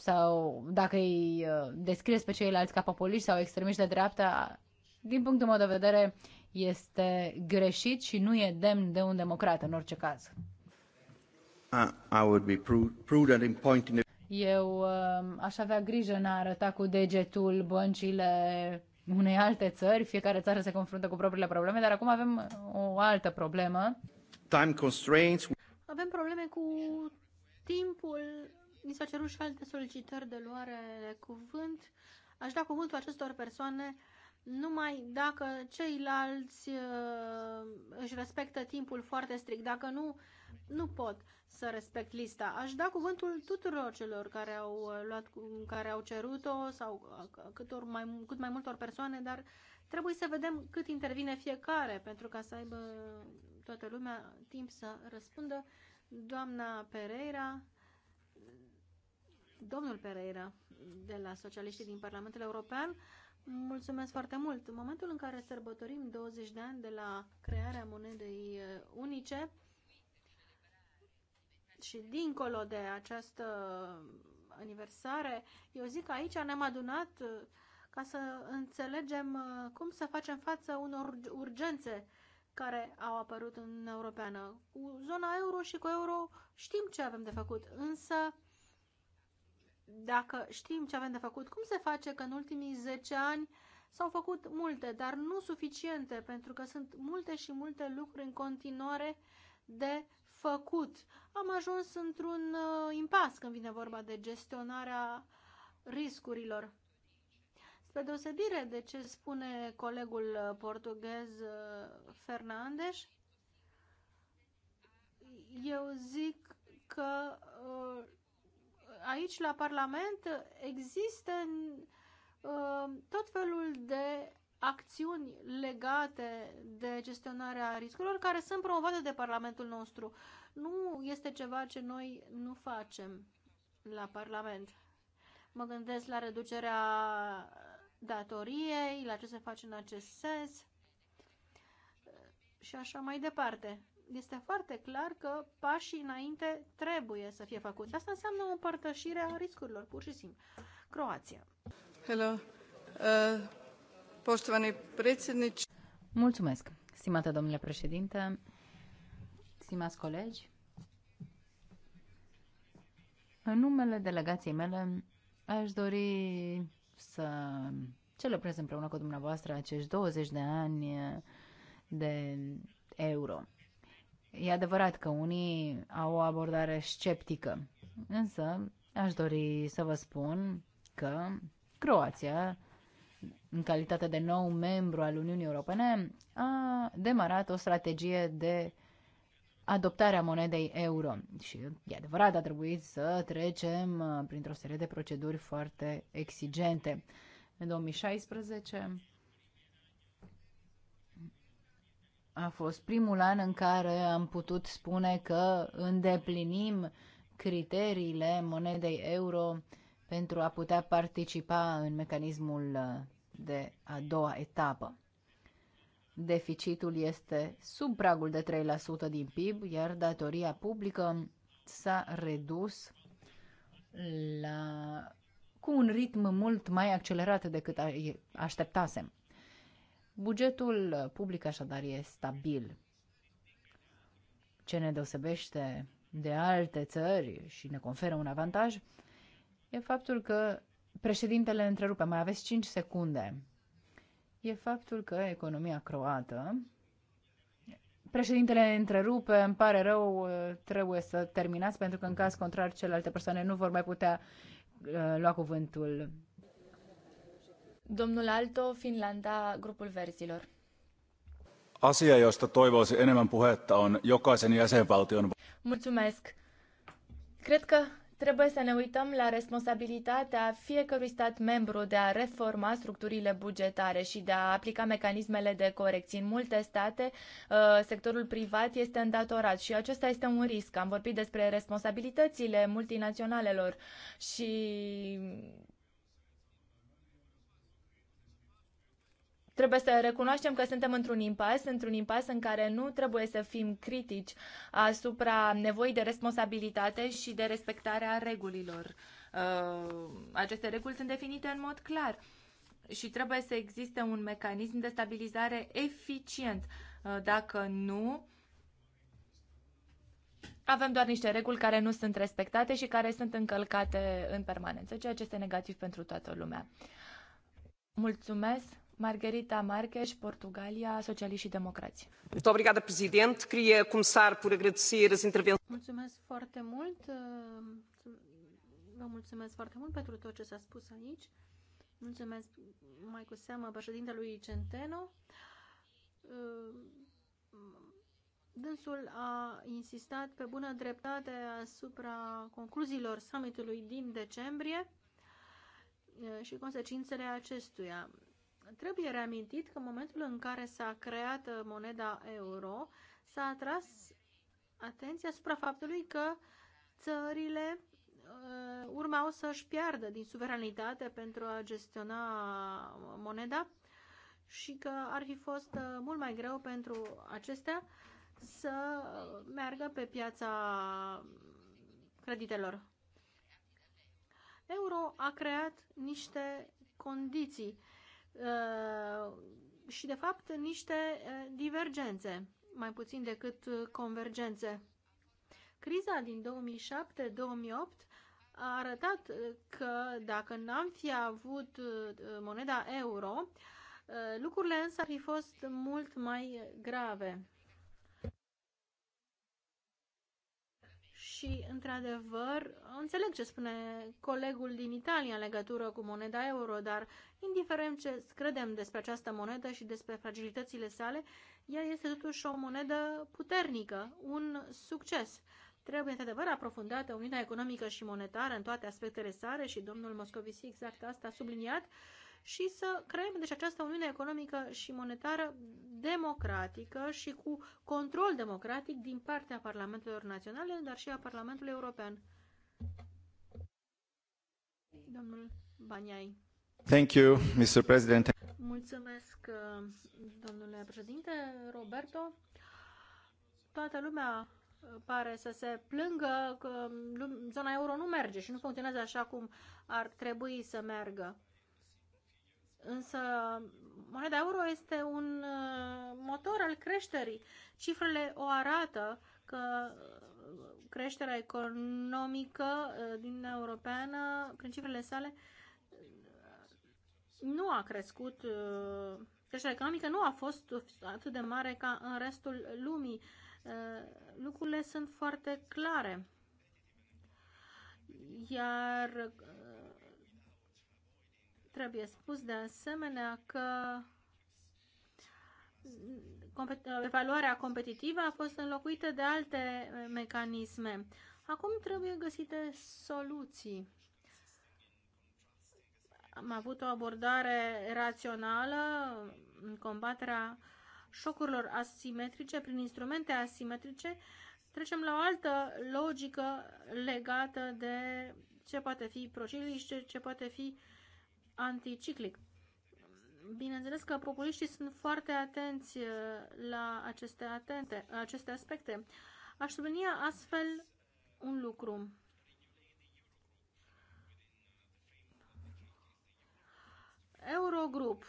sau dacă îi uh, descrieți pe ceilalți ca populiști sau extremiști de dreapta, din punctul meu de vedere, este greșit și nu e demn de un democrat în orice caz. I would be prudent in pointing Eu uh, aș avea grijă în a arăta cu degetul băncile unei alte țări. Fiecare țară se confruntă cu propriile probleme, dar acum avem o altă problemă. Time constraints. Avem probleme cu timpul mi s-au cerut și alte solicitări de luare de cuvânt. Aș da cuvântul acestor persoane numai dacă ceilalți uh, își respectă timpul foarte strict. Dacă nu, nu pot să respect lista. Aș da cuvântul tuturor celor care au, uh, luat, care au cerut-o sau uh, cât, or mai, cât mai multor persoane, dar trebuie să vedem cât intervine fiecare pentru ca să aibă toată lumea timp să răspundă. Doamna Pereira, Domnul Pereira, de la Socialiștii din Parlamentul European, mulțumesc foarte mult. În momentul în care sărbătorim 20 de ani de la crearea monedei uh, unice și dincolo de această aniversare, eu zic că aici ne-am adunat uh, ca să înțelegem uh, cum să facem față unor urgențe care au apărut în Europeană. Cu zona euro și cu euro știm ce avem de făcut, însă dacă știm ce avem de făcut, cum se face că în ultimii 10 ani s-au făcut multe, dar nu suficiente, pentru că sunt multe și multe lucruri în continuare de făcut. Am ajuns într-un uh, impas când vine vorba de gestionarea riscurilor. Spre deosebire de ce spune colegul uh, portughez uh, Fernandes, eu zic că aici la Parlament există uh, tot felul de acțiuni legate de gestionarea riscurilor care sunt promovate de Parlamentul nostru. Nu este ceva ce noi nu facem la Parlament. Mă gândesc la reducerea datoriei, la ce se face în acest sens și așa mai departe este foarte clar că pașii înainte trebuie să fie făcuți. Asta înseamnă o împărtășire a riscurilor, pur și simplu. Croația. Hello. Uh, poștovani prețenici. Mulțumesc, stimate domnule președinte, stimați colegi. În numele delegației mele aș dori să celebrez împreună cu dumneavoastră acești 20 de ani de euro. E adevărat că unii au o abordare sceptică, însă aș dori să vă spun că Croația, în calitate de nou membru al Uniunii Europene, a demarat o strategie de adoptarea monedei euro. Și e adevărat, a trebuit să trecem uh, printr-o serie de proceduri foarte exigente. În 2016 a fost primul an în care am putut spune că îndeplinim criteriile monedei euro pentru a putea participa în mecanismul de a doua etapă. Deficitul este sub pragul de 3% din PIB, iar datoria publică s-a redus la, cu un ritm mult mai accelerat decât așteptasem. Bugetul public așadar e stabil. Ce ne deosebește de alte țări și ne conferă un avantaj e faptul că președintele întrerupe, mai aveți 5 secunde, e faptul că economia croată Președintele întrerupe, îmi pare rău, trebuie să terminați, pentru că în caz contrar celelalte persoane nu vor mai putea uh, lua cuvântul Domnul Alto, Finlanda, grupul verzilor. Asia, josta toivoisi enemmän puhetta, on jokaisen jäsenvaltion... Mulțumesc. Cred că trebuie să ne uităm la responsabilitatea fiecărui stat membru de a reforma structurile bugetare și de a aplica mecanismele de corecții. În multe state, uh, sectorul privat este îndatorat și acesta este un risc. Am vorbit despre responsabilitățile multinaționalelor și Trebuie să recunoaștem că suntem într-un impas, într-un impas în care nu trebuie să fim critici asupra nevoii de responsabilitate și de respectarea regulilor. Uh, aceste reguli sunt definite în mod clar și trebuie să existe un mecanism de stabilizare eficient. Uh, dacă nu, avem doar niște reguli care nu sunt respectate și care sunt încălcate în permanență, ceea ce este negativ pentru toată lumea. Mulțumesc! Margarita Marques, Portugalia, Socialiști și Democrați. Obrigada, președinte. Queria começar por agradecer as intervenções. Mulțumesc foarte mult. Uh, vă mulțumesc foarte mult pentru tot ce s-a spus aici. Mulțumesc mai cu seamă președintelui Centeno. Uh, dânsul a insistat pe bună dreptate asupra concluziilor summitului din decembrie uh, și consecințele acestuia. Trebuie reamintit că în momentul în care s-a creat uh, moneda euro, s-a atras atenția asupra faptului că țările uh, urmau să-și piardă din suveranitate pentru a gestiona uh, moneda și că ar fi fost mult mai greu pentru acestea să meargă pe piața creditelor. Euro a creat niște condiții Uh, și, de fapt, niște uh, divergențe, mai puțin decât uh, convergențe. Criza din 2007-2008 a arătat că dacă n-am fi avut moneda euro, lucrurile însă ar fi fost mult mai grave. și, într-adevăr, înțeleg ce spune colegul din Italia în legătură cu moneda euro, dar, indiferent ce credem despre această monedă și despre fragilitățile sale, ea este totuși o monedă puternică, un succes. Trebuie, într-adevăr, aprofundată Uniunea Economică și Monetară în toate aspectele sale și domnul Moscovici exact asta a subliniat. Uh, și să creăm deci această uniune economică și monetară democratică și cu control democratic din partea parlamentelor naționale, dar și a Parlamentului European. Domnul Baniai. Thank you, Mr. President. Mulțumesc, domnule președinte Roberto. Toată lumea pare să se plângă că zona euro nu merge și nu funcționează așa cum ar trebui să meargă. Însă moneda euro este un uh, motor al creșterii. Cifrele o arată că uh, creșterea economică uh, din europeană, prin cifrele sale, nu a crescut, creșterea economică nu a fost atât de mare ca în restul lumii. Lucrurile sunt foarte clare. Iar Trebuie spus de asemenea că evaluarea competitivă a fost înlocuită de alte mecanisme. Acum trebuie găsite soluții. Am avut o abordare rațională în combaterea șocurilor asimetrice prin instrumente asimetrice. Trecem la o altă logică legată de ce poate fi procesul și ce, ce poate fi uh, anticiclic. Bineînțeles că populiștii sunt foarte atenți uh, la aceste, atente, aceste aspecte. Aș sublinia astfel un lucru. Eurogrup,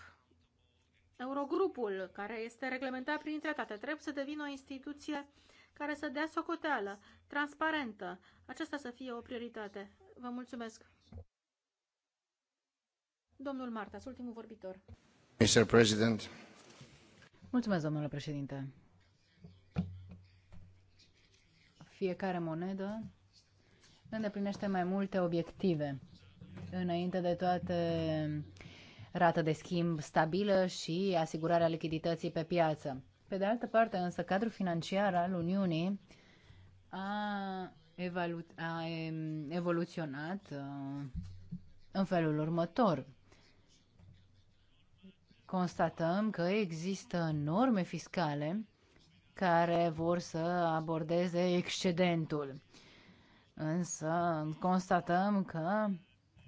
Eurogrupul, care este reglementat prin tratate, trebuie să devină o instituție care să dea socoteală, transparentă. Aceasta să fie o prioritate. Vă mulțumesc! Domnul Martas, ultimul vorbitor. Mr. President. Mulțumesc, domnule președinte. Fiecare monedă îndeplinește mai multe obiective. Înainte de toate, rată de schimb stabilă și asigurarea lichidității pe piață. Pe de altă parte, însă, cadrul financiar al Uniunii a, evolu- a evoluționat uh, în felul următor constatăm că există norme fiscale care vor să abordeze excedentul. Însă constatăm că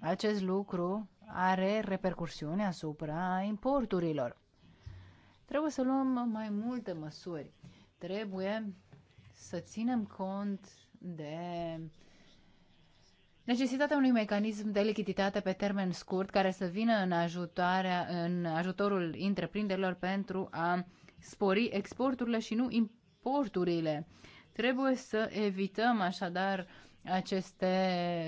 acest lucru are repercursiuni asupra importurilor. Trebuie să luăm mai multe măsuri. Trebuie să ținem cont de Necesitatea unui mecanism de lichiditate pe termen scurt care să vină în, ajutarea, în ajutorul întreprinderilor pentru a spori exporturile și nu importurile. Trebuie să evităm așadar aceste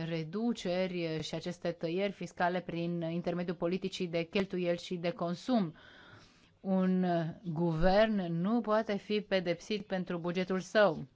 reduceri și aceste tăieri fiscale prin intermediul politicii de cheltuieli și de consum. Un guvern nu poate fi pedepsit pentru bugetul său.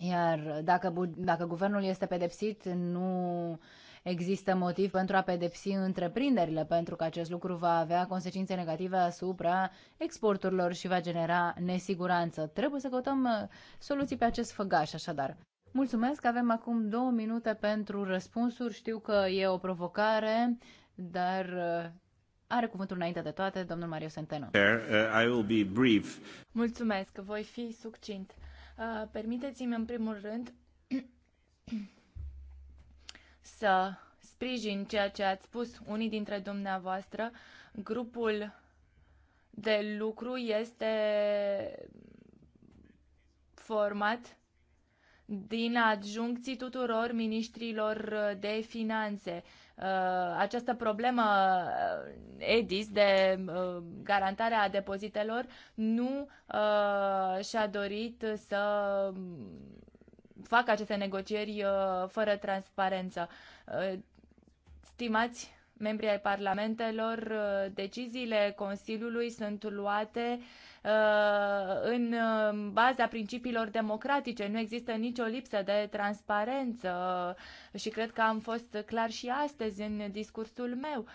Iar dacă, dacă guvernul este pedepsit, nu există motiv pentru a pedepsi întreprinderile, pentru că acest lucru va avea consecințe negative asupra exporturilor și va genera nesiguranță. Trebuie să căutăm uh, soluții pe acest făgaș, așadar. Mulțumesc, avem acum două minute pentru răspunsuri. Știu că e o provocare, dar uh, are cuvântul înainte de toate domnul Mario Centeno. Uh, Mulțumesc, voi fi succint. Uh, permiteți-mi în primul rând <clears throat> să sprijin ceea ce ați spus unii dintre dumneavoastră. Grupul de lucru este format din adjuncții tuturor ministrilor de finanțe Uh, această problemă uh, EDIS de uh, garantarea depozitelor nu și-a dorit să facă aceste negocieri fără transparență. Stimați membrii ai parlamentelor, deciziile Consiliului sunt luate uh, Uh, în uh, baza principiilor democratice. Nu există nicio lipsă de transparență și cred că am fost clar și astăzi în discursul meu.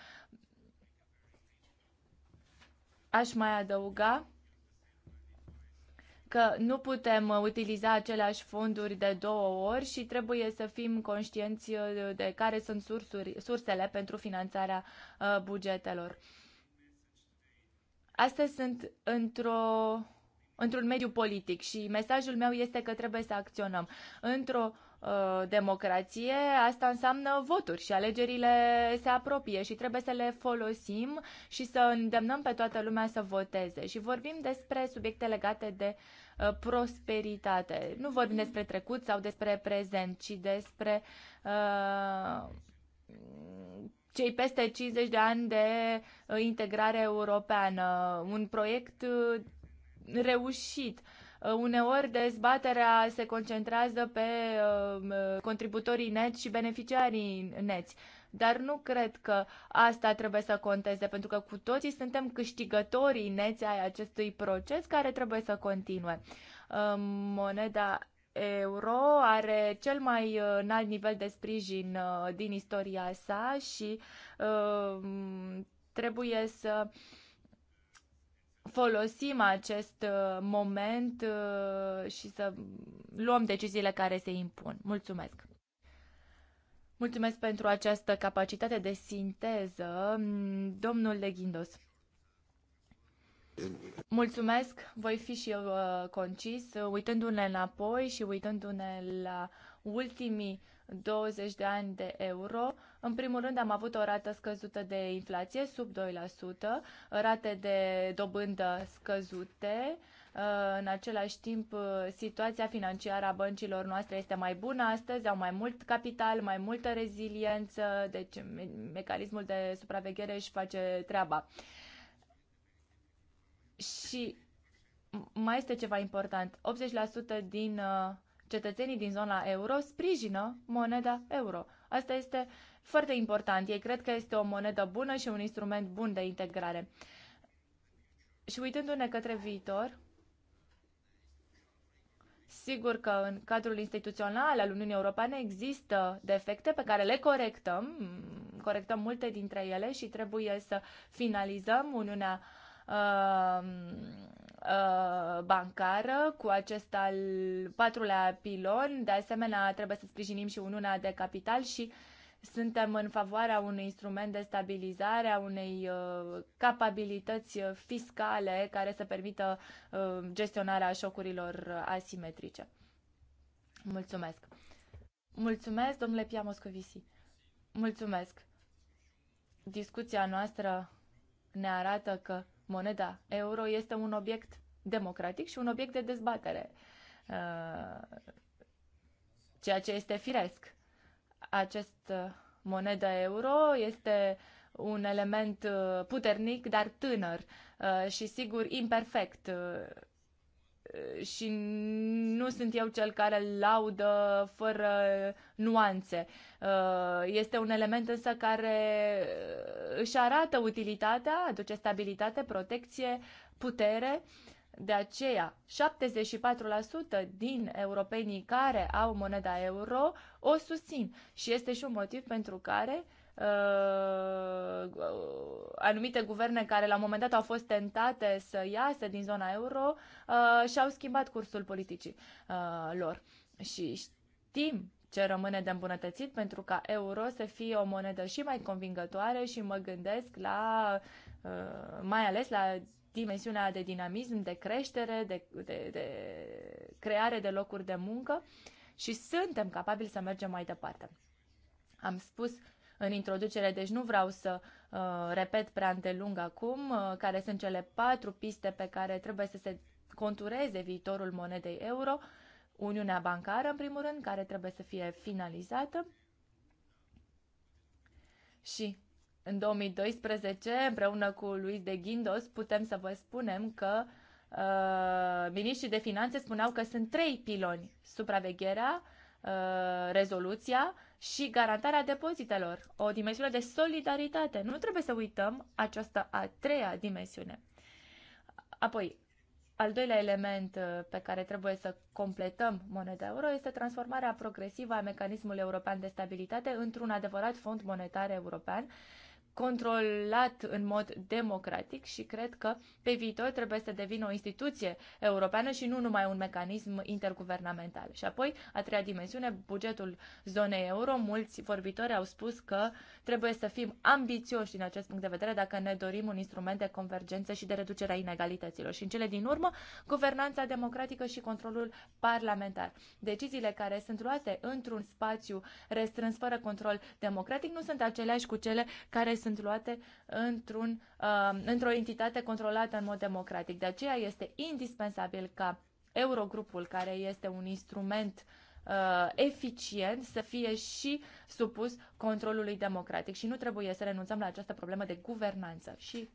Aș mai adăuga că nu putem utiliza aceleași fonduri de două ori și trebuie să fim conștienți de care sunt sursuri, sursele pentru finanțarea uh, bugetelor. Astăzi sunt într-o, într-un mediu politic și mesajul meu este că trebuie să acționăm. Într-o uh, democrație asta înseamnă voturi și alegerile se apropie și trebuie să le folosim și să îndemnăm pe toată lumea să voteze. Și vorbim despre subiecte legate de uh, prosperitate. Nu vorbim despre trecut sau despre prezent, ci despre uh, cei peste 50 de ani de uh, integrare europeană, un proiect uh, reușit. Uh, uneori dezbaterea se concentrează pe contributorii neți și beneficiarii neți, dar nu cred că asta trebuie să conteze, pentru că cu toții suntem câștigătorii neți ai acestui proces care trebuie să continue. Moneda euro are cel mai uh, înalt nivel de sprijin uh, din istoria sa și um, trebuie să folosim acest uh, moment și să luăm deciziile care se impun. Mulțumesc! Mulțumesc pentru această capacitate de sinteză, mm, domnul Leghindos. Mulțumesc, voi fi și eu uh, concis, uh, uitându-ne înapoi și uitându-ne la ultimii 20 de ani de euro. În primul rând am avut o rată scăzută de inflație, sub 2%, rate de dobândă scăzute. Uh, în același timp, uh, situația financiară a băncilor noastre este mai bună astăzi, au mai mult capital, mai multă reziliență, deci mecanismul de supraveghere își face treaba. Și mai este ceva important. 80% din uh, cetățenii din zona euro sprijină moneda euro. Asta este foarte important. Ei cred că este o monedă bună și un instrument bun de integrare. Și uitându-ne către viitor, sigur că în cadrul instituțional al Uniunii Europene există defecte pe care le corectăm, corectăm multe dintre ele și trebuie să finalizăm Uniunea uh, Um, uh, bancară cu acest al patrulea pilon. De asemenea, trebuie să sprijinim și Uniunea de Capital și suntem în favoarea unui instrument de stabilizare, a unei uh, capabilități fiscale care să permită uh, gestionarea șocurilor asimetrice. Mulțumesc! Mulțumesc, domnule Pia Moscovici! Mulțumesc! Discuția noastră ne arată că moneda euro este un obiect democratic și un obiect de dezbatere, uh, ceea ce este firesc. Acest uh, moneda euro este un element uh, puternic, dar tânăr și sigur imperfect și nu sunt eu cel care laudă fără nuanțe. Uh, este un element însă care uh, își arată utilitatea, aduce stabilitate, protecție, putere de aceea, 74% din europenii care au moneda euro o susțin și este și un motiv pentru care uh, anumite guverne care la un moment dat au fost tentate să iasă din zona euro uh, și-au schimbat cursul politicii uh, lor. Și știm ce rămâne de îmbunătățit pentru ca euro să fie o monedă și mai convingătoare și mă gândesc la, uh, mai ales la dimensiunea de dinamism, de creștere, de, de, de creare de locuri de muncă și suntem capabili să mergem mai departe. Am spus în introducere, deci nu vreau să uh, repet prea îndelung acum, uh, care sunt cele patru piste pe care trebuie să se contureze viitorul monedei euro. Uniunea bancară, în primul rând, care trebuie să fie finalizată. Și în 2012, împreună cu Luis de Guindos, putem să vă spunem că uh, miniștrii de finanțe spuneau că sunt trei piloni. Supravegherea, uh, rezoluția și garantarea depozitelor. O dimensiune de solidaritate. Nu trebuie să uităm această a treia dimensiune. Apoi, al doilea element uh, pe care trebuie să completăm moneda euro este transformarea progresivă a mecanismului european de stabilitate într-un adevărat fond monetar european controlat în mod democratic și cred că pe viitor trebuie să devină o instituție europeană și nu numai un mecanism interguvernamental. Și apoi, a treia dimensiune, bugetul zonei euro. Mulți vorbitori au spus că trebuie să fim ambițioși din acest punct de vedere dacă ne dorim un instrument de convergență și de reducere a inegalităților. Și în cele din urmă, guvernanța democratică și controlul parlamentar. Deciziile care sunt luate într-un spațiu restrâns fără control democratic nu sunt aceleași cu cele care sunt luate într-un, uh, într-o entitate controlată în mod democratic. De aceea este indispensabil ca Eurogrupul, care este un instrument uh, eficient, să fie și supus controlului democratic și nu trebuie să renunțăm la această problemă de guvernanță. Și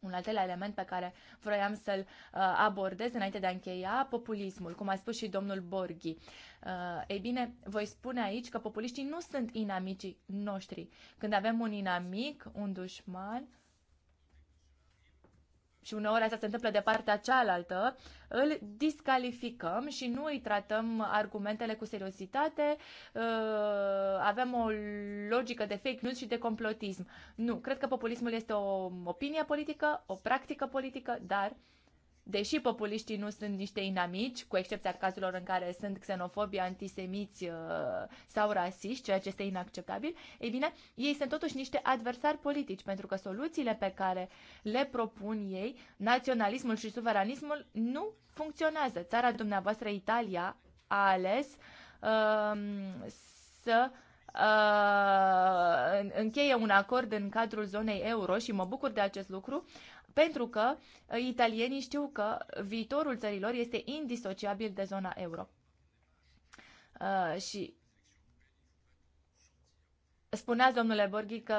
un al treilea element pe care vroiam să-l uh, abordez înainte de a încheia, populismul, cum a spus și domnul Borghi. Uh, ei bine, voi spune aici că populiștii nu sunt inamicii noștri. Când avem un inamic, un dușman, și uneori asta se întâmplă de partea cealaltă, îl discalificăm și nu îi tratăm argumentele cu seriozitate, ă, avem o logică de fake news și de complotism. Nu, cred că populismul este o opinie politică, o practică politică, dar deși populiștii nu sunt niște inamici, cu excepția cazurilor în care sunt xenofobi, antisemiți uh, sau rasiști, ceea ce este inacceptabil, ei bine, ei sunt totuși niște adversari politici, pentru că soluțiile pe care le propun ei, naționalismul și suveranismul, nu funcționează. Țara dumneavoastră, Italia, a ales um, să uh, încheie un acord în cadrul zonei euro și mă bucur de acest lucru, pentru că uh, italienii știu că viitorul țărilor este indisociabil de zona euro. Uh, și Spuneați, domnule Borghi, că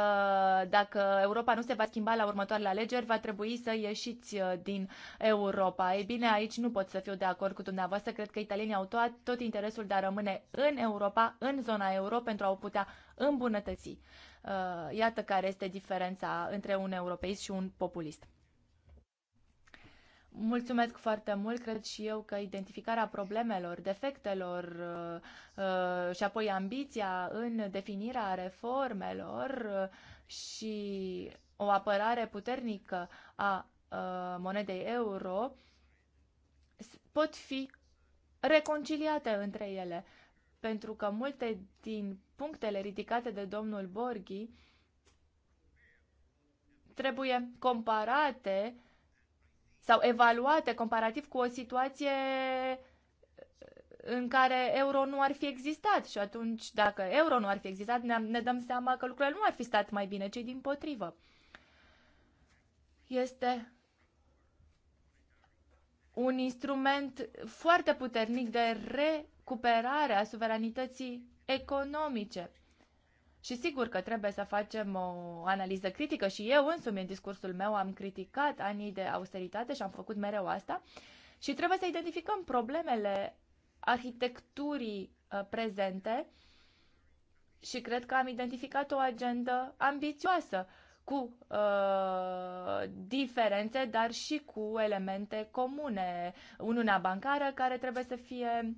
dacă Europa nu se va schimba la următoarele alegeri, va trebui să ieșiți uh, din Europa. Ei bine, aici nu pot să fiu de acord cu dumneavoastră. Cred că italienii au tot, tot interesul de a rămâne în Europa, în zona euro, pentru a o putea îmbunătăți. Uh, iată care este diferența între un europeist și un populist. Mulțumesc foarte mult. Cred și eu că identificarea problemelor, defectelor uh, uh, și apoi ambiția în definirea reformelor uh, și o apărare puternică a monedei euro pot fi reconciliate între ele, pentru că multe din punctele ridicate de domnul Borghi trebuie comparate sau evaluate comparativ cu o situație în care euro nu ar fi existat și atunci dacă euro nu ar fi existat ne, ne dăm seama că lucrurile nu ar fi stat mai bine, ci din potrivă. Este un instrument foarte puternic de recuperare a suveranității economice. Și sigur că trebuie să facem o analiză critică și eu însumi în discursul meu am criticat anii de austeritate și am făcut mereu asta. Și trebuie să identificăm problemele arhitecturii uh, prezente și cred că am identificat o agendă ambițioasă cu uh, diferențe, dar și cu elemente comune. Uniunea bancară care trebuie să fie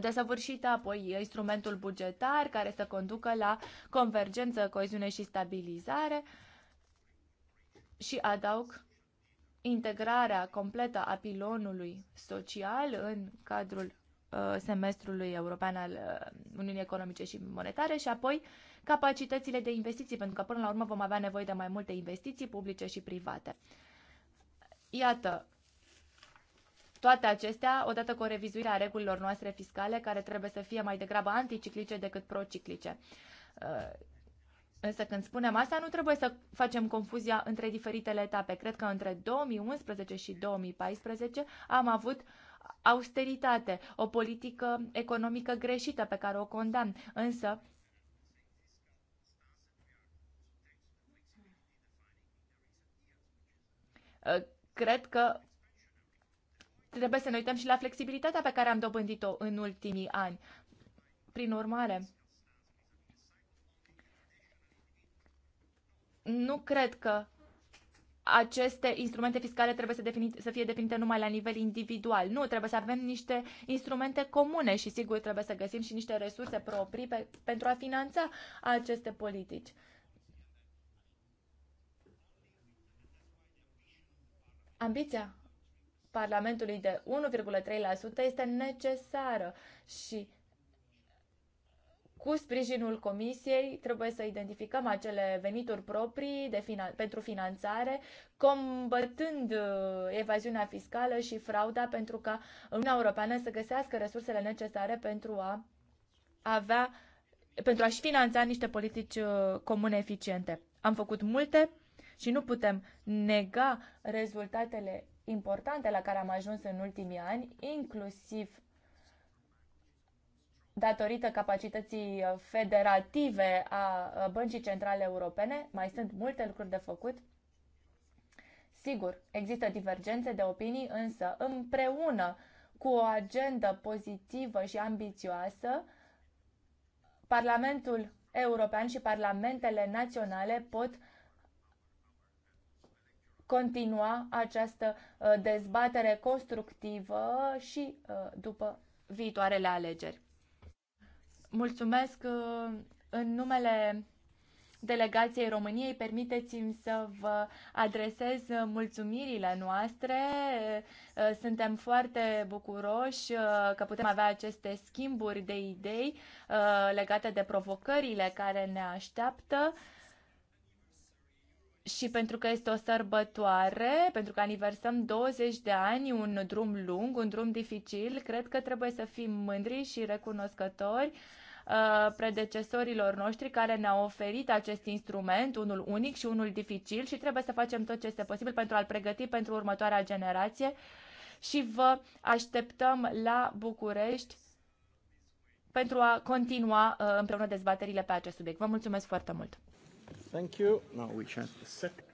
Desăvârșit apoi instrumentul bugetar care să conducă la convergență, coeziune și stabilizare și adaug integrarea completă a pilonului social în cadrul uh, semestrului european al uh, Uniunii Economice și Monetare și apoi capacitățile de investiții, pentru că până la urmă vom avea nevoie de mai multe investiții publice și private. Iată, toate acestea, odată cu o revizuire a regulilor noastre fiscale, care trebuie să fie mai degrabă anticiclice decât prociclice. Uh, însă când spunem asta, nu trebuie să facem confuzia între diferitele etape. Cred că între 2011 și 2014 am avut austeritate, o politică economică greșită pe care o condamn. Însă, uh, cred că trebuie să ne uităm și la flexibilitatea pe care am dobândit-o în ultimii ani. Prin urmare, nu cred că aceste instrumente fiscale trebuie să, defini, să fie definite numai la nivel individual. Nu, trebuie să avem niște instrumente comune și sigur trebuie să găsim și niște resurse proprii pe, pentru a finanța aceste politici. Ambiția Parlamentului de 1,3% este necesară și cu sprijinul Comisiei trebuie să identificăm acele venituri proprii de finan- pentru finanțare, combătând uh, evaziunea fiscală și frauda pentru ca Uniunea Europeană să găsească resursele necesare pentru a avea pentru a-și finanța niște politici uh, comune eficiente. Am făcut multe și nu putem nega rezultatele importante la care am ajuns în ultimii ani, inclusiv datorită capacității uh, federative a uh, Băncii Centrale Europene. Mai sunt multe lucruri de făcut. Sigur, există divergențe de opinii, însă împreună cu o agendă pozitivă și ambițioasă, Parlamentul European și parlamentele naționale pot continua această uh, dezbatere constructivă și uh, după viitoarele alegeri. Mulțumesc uh, în numele delegației României, permiteți-mi să vă adresez mulțumirile noastre. Suntem foarte bucuroși că putem avea aceste schimburi de idei legate de provocările care ne așteaptă și pentru că este o sărbătoare, pentru că aniversăm 20 de ani, un drum lung, un drum dificil, cred că trebuie să fim mândri și recunoscători uh, predecesorilor noștri care ne-au oferit acest instrument, unul unic și unul dificil și trebuie să facem tot ce este posibil pentru a-l pregăti pentru următoarea generație și vă așteptăm la București pentru a continua uh, împreună dezbaterile pe acest subiect. Vă mulțumesc foarte mult! Thank you. Now we check the second.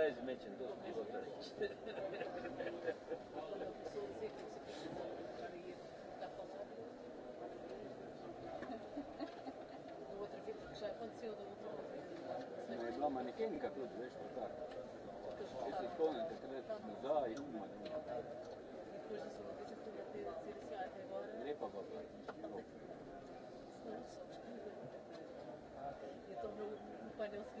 куда измечен до живота. Mai e la manechenică tot, vezi, da. Este iconete, cred, da, e numai. Lepa pa pa. Je to bil panelski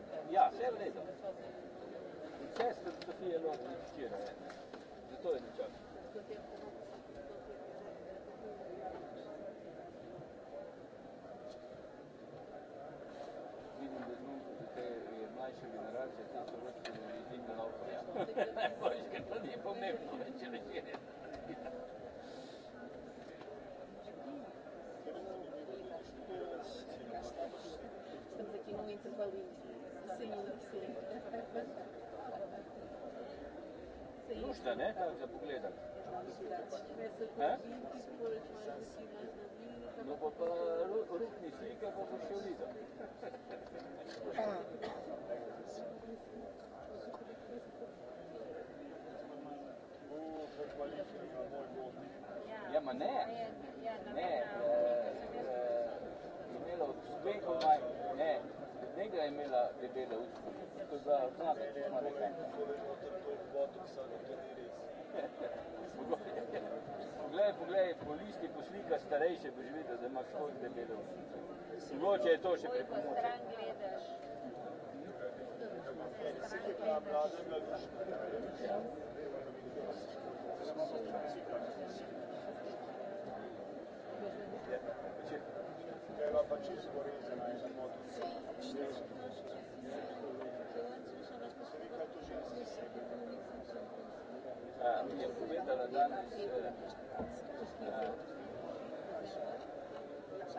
Ia, se redă. Ce să fie luat în Nušta, ne, kada se pogledam. Eh? No pa pa rutni slike pa bo še videl. Ja, ma ne. Ne. Imelo, spekov naj, ne negra je imela debele usta, to je bila znaka, to smo rekli. Poglej, poglej, po listi poslika starejše boš videl, da imaš tako debele usta. Mogoče je to še pripomoče. Yeah la faceți Coreza, la esa moto. А, мне поведала, да, mi povedala, s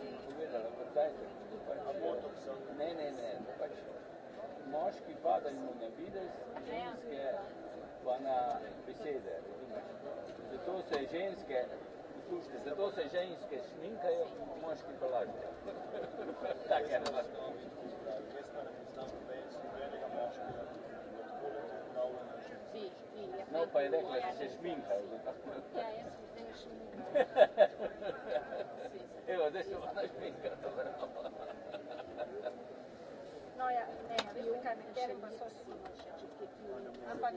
čim je povedala, pa dajte, pač, ne, ne, ne, pač, moški padajo na videz, ženske pana besede. Zato se ženske, poslušajte, zato se ženske šminkajo, moški pa lažje. Tako je. No, pa je rekla, da se šminka. Da ja, jaz sem zdaj šminka. <laughs> Evo, zdaj se ona šminka, dobro. No ja, ne, vi ste kaj mi htjeli, pa to si Ampak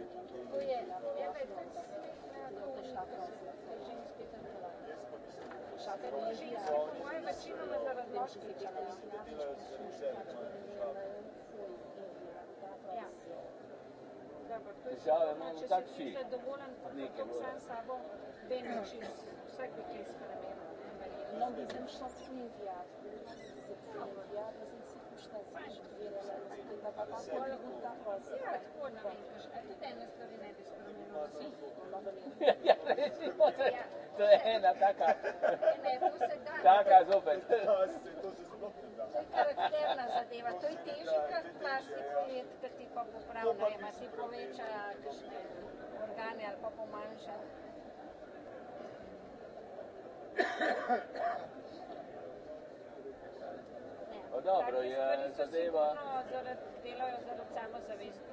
tu je, je već smisla tu ženski Šater je ženski, po moje večinoma zaradi moških. Ja. Težave imamo tako vsi. Če si zadovoljen, kako sam sabo, vem, če vsak bi kaj spremenil. Mnogi sem šla v Indijo, v Indijo, отличная Саня верила, это по покою To je ena taka. Ne, zopet. Da, se to se sploh ne da. To je karakterna zadeva. To je težje, kot plastik projekt, ker ti pa popravlja, ti poveča organe ali pa No dobro, je zadeva... Zaradi, delajo zaradi samozavesti.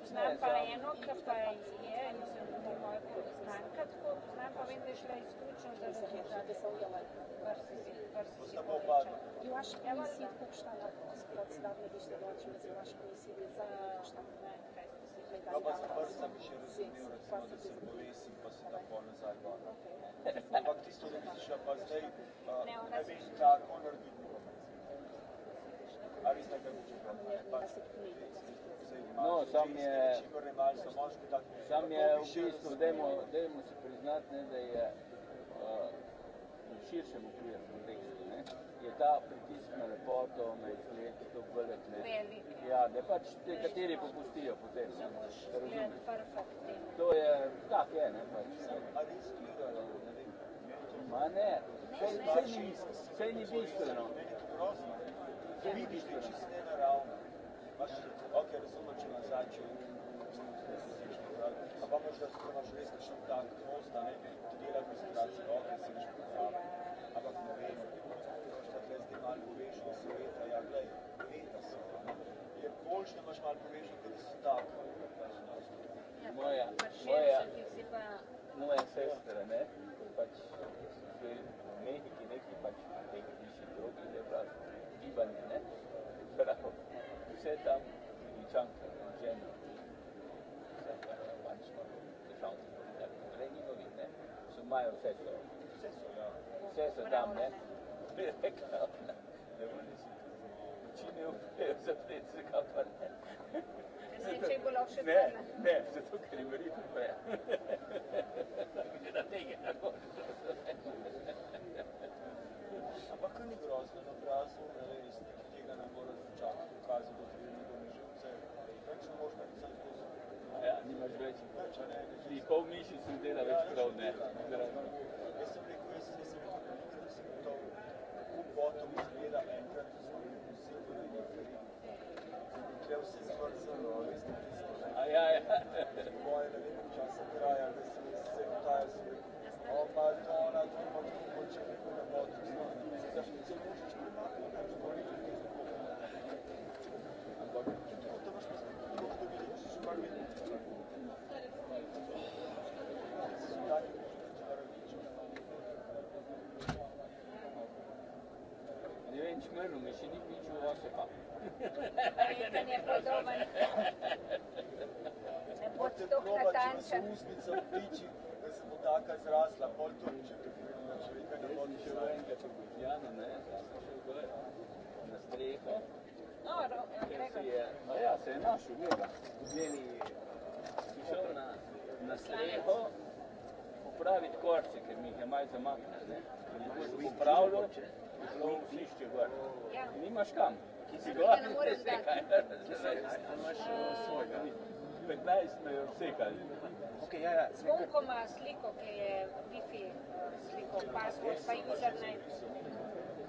Poznam pa eno, ki pa je, mislim, da je moja poznanka tako, poznam pa vem, da je šla izključno zaradi И ваша комисия кукшта на председател лично дочи за ваша комисия за кукшта на Ама па се първо съм ще разумел, recimo, да се повесим, па се да по-назад върна. Пак ти сте да мислиш, па стай, не бих така, ако нарди No, sam je, sam je u bistvu dajmo, dajmo se priznat ne, ă, da je uh, u širšem okviru kontekstu, ne, je ta pritisk na lepoto, na izgled, to velik, ne, ja, da pač te kateri popustijo potem, ne, razumeš. To je, tak je, ne, pač. Ma ne, sej ni bistveno politici decizii în erau. Ok, razumem, če nazačijo. Ampak moraš da se imaš res kakšen tak nos, da ne bi dela koncentracijo, ok, se nič poznava. Ampak ne vem, šta tle zdaj malo poveš, no se leta, ja, glej, leta so. Je boljš, da imaš malo poveš, da si tak. Moja, moja, moja sestra, ne, pač v Mehiki neki pač, neki se italiane, però setam Cianca in genere, Lenino vine, su mai un sesso, sesso, sesso damne, vede că ne unisi. Cine eu vreau să plece ca partea? Ne, ne, se tu că ne merită prea. Dacă te-ai acolo. A pa kar ni grozno, no prazno, ne vem, iz nekaj tega ne mora čakati dokazi, da ti vedno domiživce, več ne možeš napisati skozi. Ja, nimaš več. Več, ne, ne. Ni pol mišic ne dela več prav, ne. Jaz sem rekel, jaz sem rekel, nikrat nisem gotov, kako bottom izgleda enkrat, ko smo bili vsi v Rigi. Zdaj, vse zvrcalo, veste, ki smo ne. A ja, ja. Moje ne vem, časa traja, da sem se vtajal, sem rekel, o, pa to ona, to moče, moče, ne bodo, to nimănui și nici nici adică nu o să fac. Ne poți tocna tanca. Poate probati na susmica ptiči, da se bo taka zrasla, pol ja se je našel, gleda. Beli si šel na, na streho popraviti korce, ker mi jih je malo zamaknil, ne. In je to popravljal, slišče gor. Nimaš kam. Ki si gor, ne moreš kaj. Zdaj, imaš svojega. 15 je vsekaj. Okay, ja, ja, Zvonko ima sliko, ki je Wi-Fi uh, sliko, password pa username.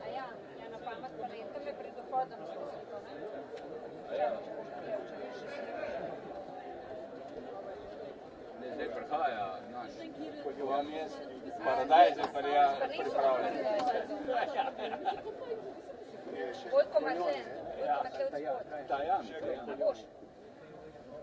A ja, ja na pamet pa ne, tam je pred vhodom še sliko, ne? Ja. Ne, zdaj prihaja naš, ko je vam jaz, paradajz je pa ja pripravljen. Vojko Marzen, Vojko Maklevc Tajan, Tajan.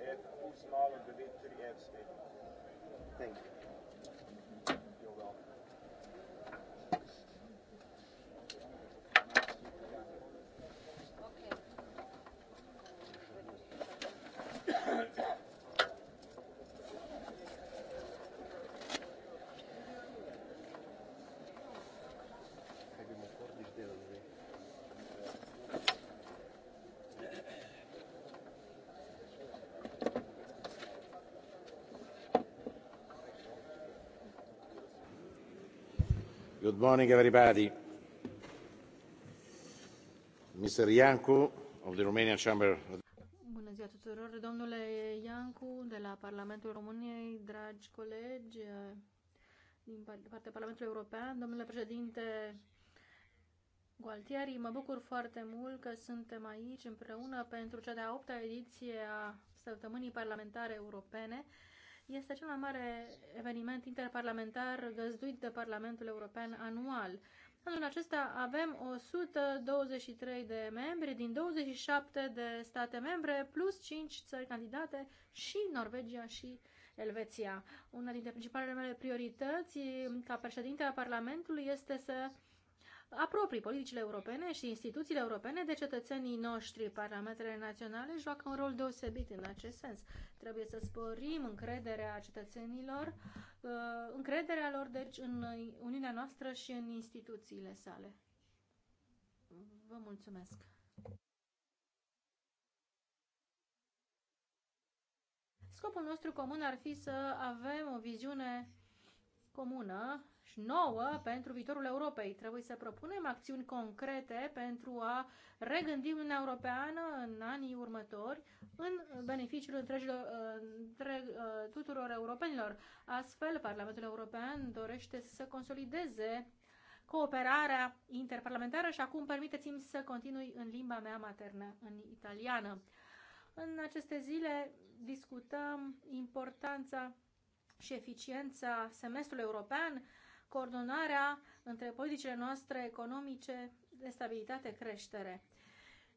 Ed Poesmal and Dimitri Evsmith. Thank you. You're welcome. Good morning, everybody. Mr. Iancu of the Romanian Chamber. Bună ziua tuturor, domnule Iancu de la Parlamentul României, dragi colegi din partea Parlamentului European, domnule președinte Gualtieri, mă bucur foarte mult că suntem aici împreună pentru cea de-a opta ediție a săptămânii parlamentare europene este cel mai mare eveniment interparlamentar găzduit de Parlamentul European anual. Anul acesta avem 123 de membri din 27 de state membre, plus 5 țări candidate și Norvegia și Elveția. Una dintre principalele mele priorități ca președinte a Parlamentului este să apropii politicile europene și instituțiile europene de cetățenii noștri. parametrele naționale joacă un rol deosebit în acest sens. Trebuie să sporim încrederea cetățenilor, uh, încrederea lor, deci, în Uniunea noastră și în instituțiile sale. Vă mulțumesc! Scopul nostru comun ar fi să avem o viziune comună și nouă pentru viitorul Europei. Trebuie să propunem acțiuni concrete pentru a regândi Uniunea Europeană în anii următori în beneficiul întregilor, întreg, uh, tuturor europenilor. Astfel, Parlamentul European dorește să consolideze cooperarea interparlamentară și acum permiteți-mi să continui în limba mea maternă, în italiană. În aceste zile discutăm importanța și eficiența semestrului european, coordonarea între politicile noastre economice de stabilitate creștere.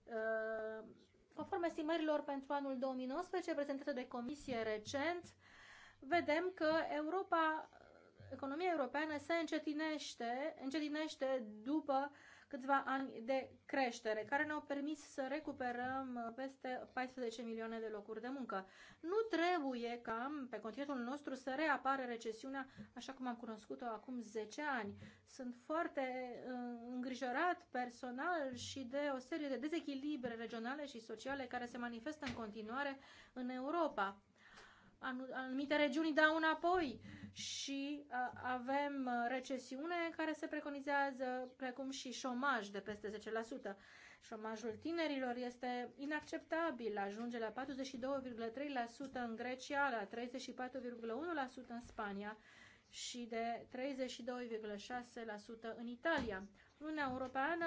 Uh, conform estimărilor pentru anul 2019 prezentate de comisie recent, vedem că Europa, economia europeană se încetinește, încetinește după uh, câțiva ani de creștere, care ne-au permis să recuperăm uh, peste 14 milioane de locuri de muncă. Nu trebuie ca pe continentul nostru să reapară recesiunea așa cum am cunoscut-o acum 10 ani. Sunt foarte uh, îngrijorat personal și de o serie de dezechilibre regionale și sociale care se manifestă în continuare în Europa. Anumite regiuni dau înapoi și uh, avem uh, recesiune care se preconizează, precum și șomaj de peste 10%. Șomajul tinerilor este inacceptabil, ajunge la 42,3% în Grecia, la 34,1% în Spania și de 32,6% în Italia. Uniunea Europeană,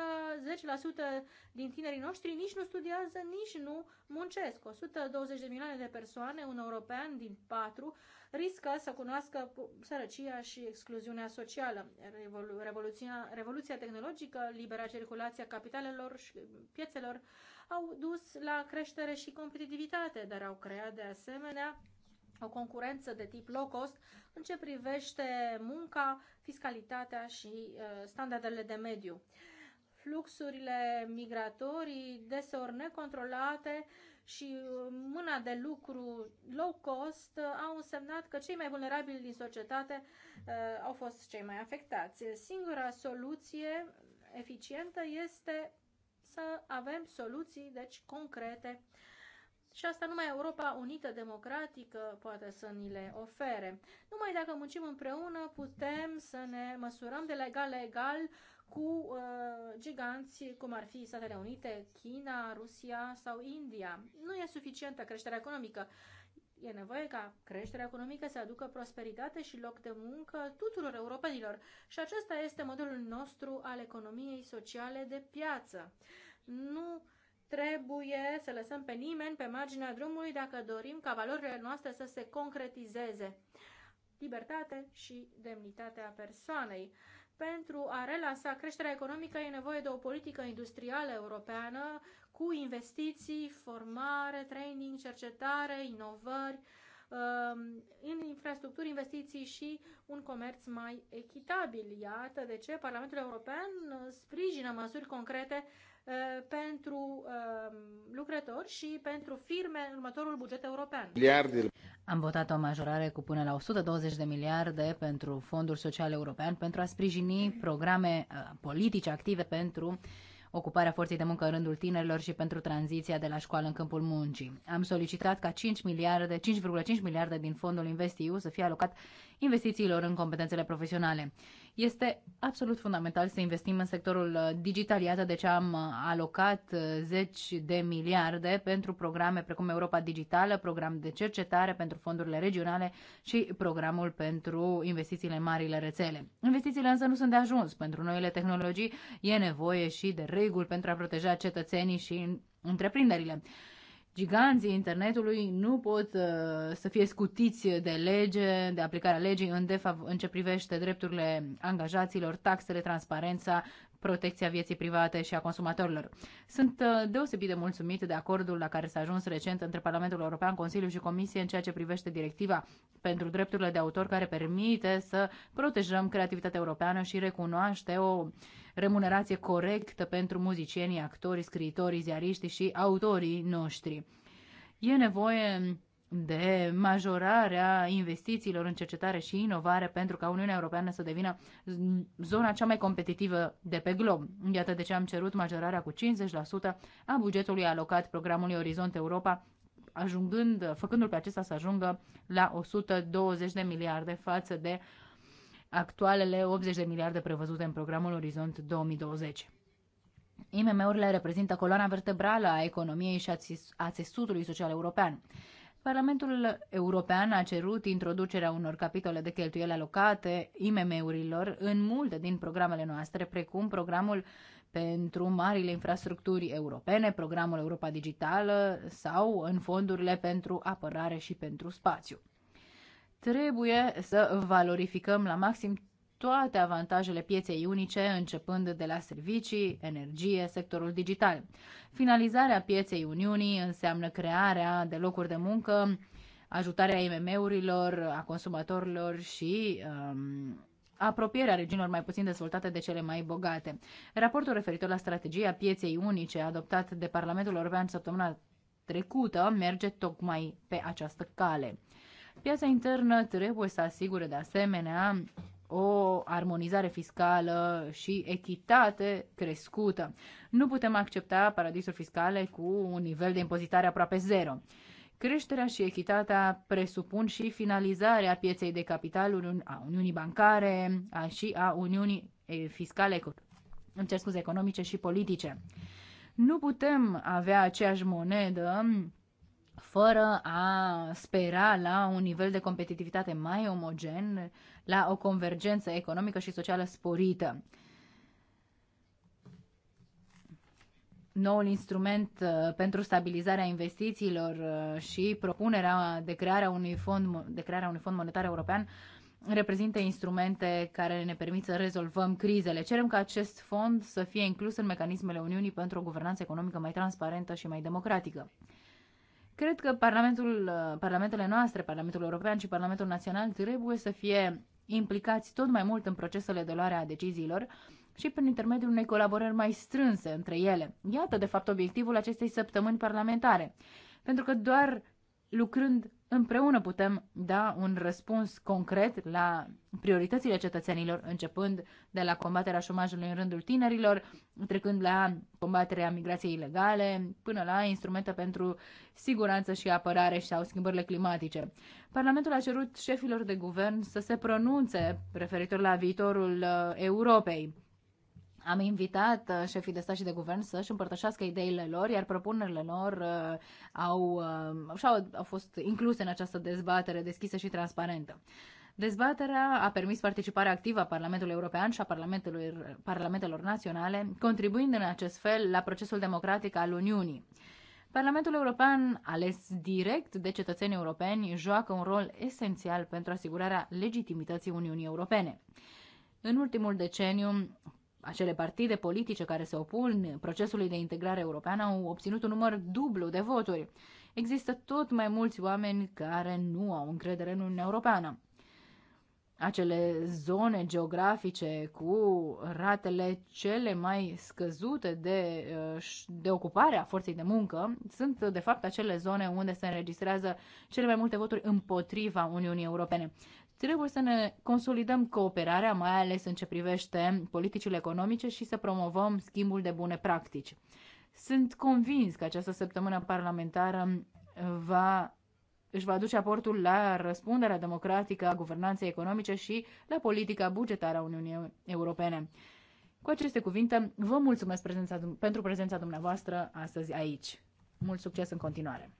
10% din tinerii noștri nici nu studiază, nici nu muncesc. 120 de milioane de persoane, un european din patru, riscă să cunoască sărăcia și excluziunea socială. Revolu revoluția, revoluția tehnologică, libera circulația capitalelor și piețelor au dus la creștere și competitivitate, dar au creat de asemenea o concurență de tip low cost în ce privește munca, fiscalitatea și uh, standardele de mediu. Fluxurile migratorii deseori necontrolate și uh, mâna de lucru low cost uh, au însemnat că cei mai vulnerabili din societate au fost cei mai afectați. Singura soluție eficientă este să avem soluții, deci, concrete și asta numai Europa Unită Democratică poate să ni le ofere. Numai dacă muncim împreună putem să ne măsurăm de legal la egal cu uh, giganți cum ar fi Statele Unite, China, Rusia sau India. Nu e suficientă creșterea economică. E nevoie ca creșterea economică să aducă prosperitate și loc de muncă tuturor europenilor și acesta este modelul nostru al economiei sociale de piață. Nu trebuie să lăsăm pe nimeni pe marginea drumului dacă dorim ca valorile noastre să se concretizeze. Libertate și demnitatea persoanei. Pentru a relansa creșterea economică e nevoie de o politică industrială europeană cu investiții, formare, training, cercetare, inovări, um, în infrastructuri, investiții și un comerț mai echitabil. Iată de ce Parlamentul European sprijină măsuri concrete Uh, pentru uh, lucrători și pentru firme în următorul buget european. Miliardele. Am votat o majorare cu până la 120 de miliarde pentru Fondul Social European pentru a sprijini programe uh, politice active pentru ocuparea forței de muncă în rândul tinerilor și pentru tranziția de la școală în câmpul muncii. Am solicitat ca 5 miliarde, 5,5 miliarde din fondul InvestEU să fie alocat investițiilor în competențele profesionale. Este absolut fundamental să investim în sectorul uh, digital. Iată de ce am uh, alocat uh, zeci de miliarde pentru programe precum Europa Digitală, program de cercetare pentru fondurile regionale și programul pentru investițiile în marile rețele. Investițiile însă nu sunt de ajuns. Pentru noile tehnologii e nevoie și de reguli pentru a proteja cetățenii și întreprinderile giganții internetului nu pot uh, să fie scutiți de lege, de aplicarea legii în, defav- în ce privește drepturile angajaților, taxele, transparența, protecția vieții private și a consumatorilor. Sunt uh, deosebit de mulțumit de acordul la care s-a ajuns recent între Parlamentul European, Consiliu și Comisie în ceea ce privește directiva pentru drepturile de autor care permite să protejăm creativitatea europeană și recunoaște o remunerație corectă pentru muzicienii, actorii, scriitorii, ziariștii și autorii noștri. E nevoie de majorarea investițiilor în cercetare și inovare pentru ca Uniunea Europeană să devină zona cea mai competitivă de pe glob. Iată de ce am cerut majorarea cu 50% a bugetului alocat programului Orizont Europa, ajungând, făcându-l pe acesta să ajungă la 120 de miliarde față de actualele 80 de miliarde prevăzute în programul Orizont 2020. IMM-urile reprezintă coloana vertebrală a economiei și a țesutului social european. Parlamentul European a cerut introducerea unor capitole de cheltuieli alocate IMM-urilor în multe din programele noastre, precum programul pentru marile infrastructuri europene, programul Europa Digitală sau în fondurile pentru apărare și pentru spațiu. Trebuie să valorificăm la maxim toate avantajele pieței unice, începând de la servicii, energie, sectorul digital. Finalizarea pieței Uniunii înseamnă crearea de locuri de muncă, ajutarea IMM-urilor, a consumatorilor și um, apropierea regiunilor mai puțin dezvoltate de cele mai bogate. Raportul referitor la strategia pieței unice adoptat de Parlamentul European săptămâna trecută merge tocmai pe această cale. Piața internă trebuie să asigure de asemenea o armonizare fiscală și echitate crescută. Nu putem accepta paradisuri fiscale cu un nivel de impozitare aproape zero. Creșterea și echitatea presupun și finalizarea pieței de capitaluri a Uniunii Bancare a și a Uniunii Fiscale, îmi cer scuze, economice și politice. Nu putem avea aceeași monedă fără a spera la un nivel de competitivitate mai omogen, la o convergență economică și socială sporită. Noul instrument uh, pentru stabilizarea investițiilor uh, și propunerea de crearea unui fond, de crearea unui fond monetar european reprezintă instrumente care ne permit să rezolvăm crizele. Cerem ca acest fond să fie inclus în mecanismele Uniunii pentru o guvernanță economică mai transparentă și mai democratică. Cred că parlamentul, uh, parlamentele noastre, Parlamentul European și Parlamentul Național trebuie să fie implicați tot mai mult în procesele de luare a deciziilor și prin intermediul unei colaborări mai strânse între ele. Iată, de fapt, obiectivul acestei săptămâni parlamentare. Pentru că doar lucrând împreună putem da un răspuns concret la prioritățile cetățenilor, începând de la combaterea șomajului în rândul tinerilor, trecând la combaterea migrației ilegale, până la instrumente pentru siguranță și apărare sau schimbările climatice. Parlamentul a cerut șefilor de guvern să se pronunțe referitor la viitorul uh, Europei. Am invitat uh, șefii de stat și de guvern să-și împărtășească ideile lor, iar propunerile lor uh, au, uh, au, au fost incluse în această dezbatere deschisă și transparentă. Dezbaterea a permis participarea activă a Parlamentului European și a Parlamentelor, Parlamentelor Naționale, contribuind în acest fel la procesul democratic al Uniunii. Parlamentul European, ales direct de cetățenii europeni, joacă un rol esențial pentru asigurarea legitimității Uniunii Europene. În ultimul deceniu, acele partide politice care se opun procesului de integrare europeană au obținut un număr dublu de voturi. Există tot mai mulți oameni care nu au încredere în Uniunea Europeană. Acele zone geografice cu ratele cele mai scăzute de, uh, de ocupare a forței de muncă sunt, de fapt, acele zone unde se înregistrează cele mai multe voturi împotriva Uniunii Europene. Trebuie să ne consolidăm cooperarea, mai ales în ce privește politicile economice și să promovăm schimbul de bune practici. Sunt convins că această săptămână parlamentară va își va duce aportul la răspunderea democratică a guvernanței economice și la politica bugetară a Uniunii Europene. Cu aceste cuvinte, vă mulțumesc prezența, pentru prezența dumneavoastră astăzi aici. Mult succes în continuare!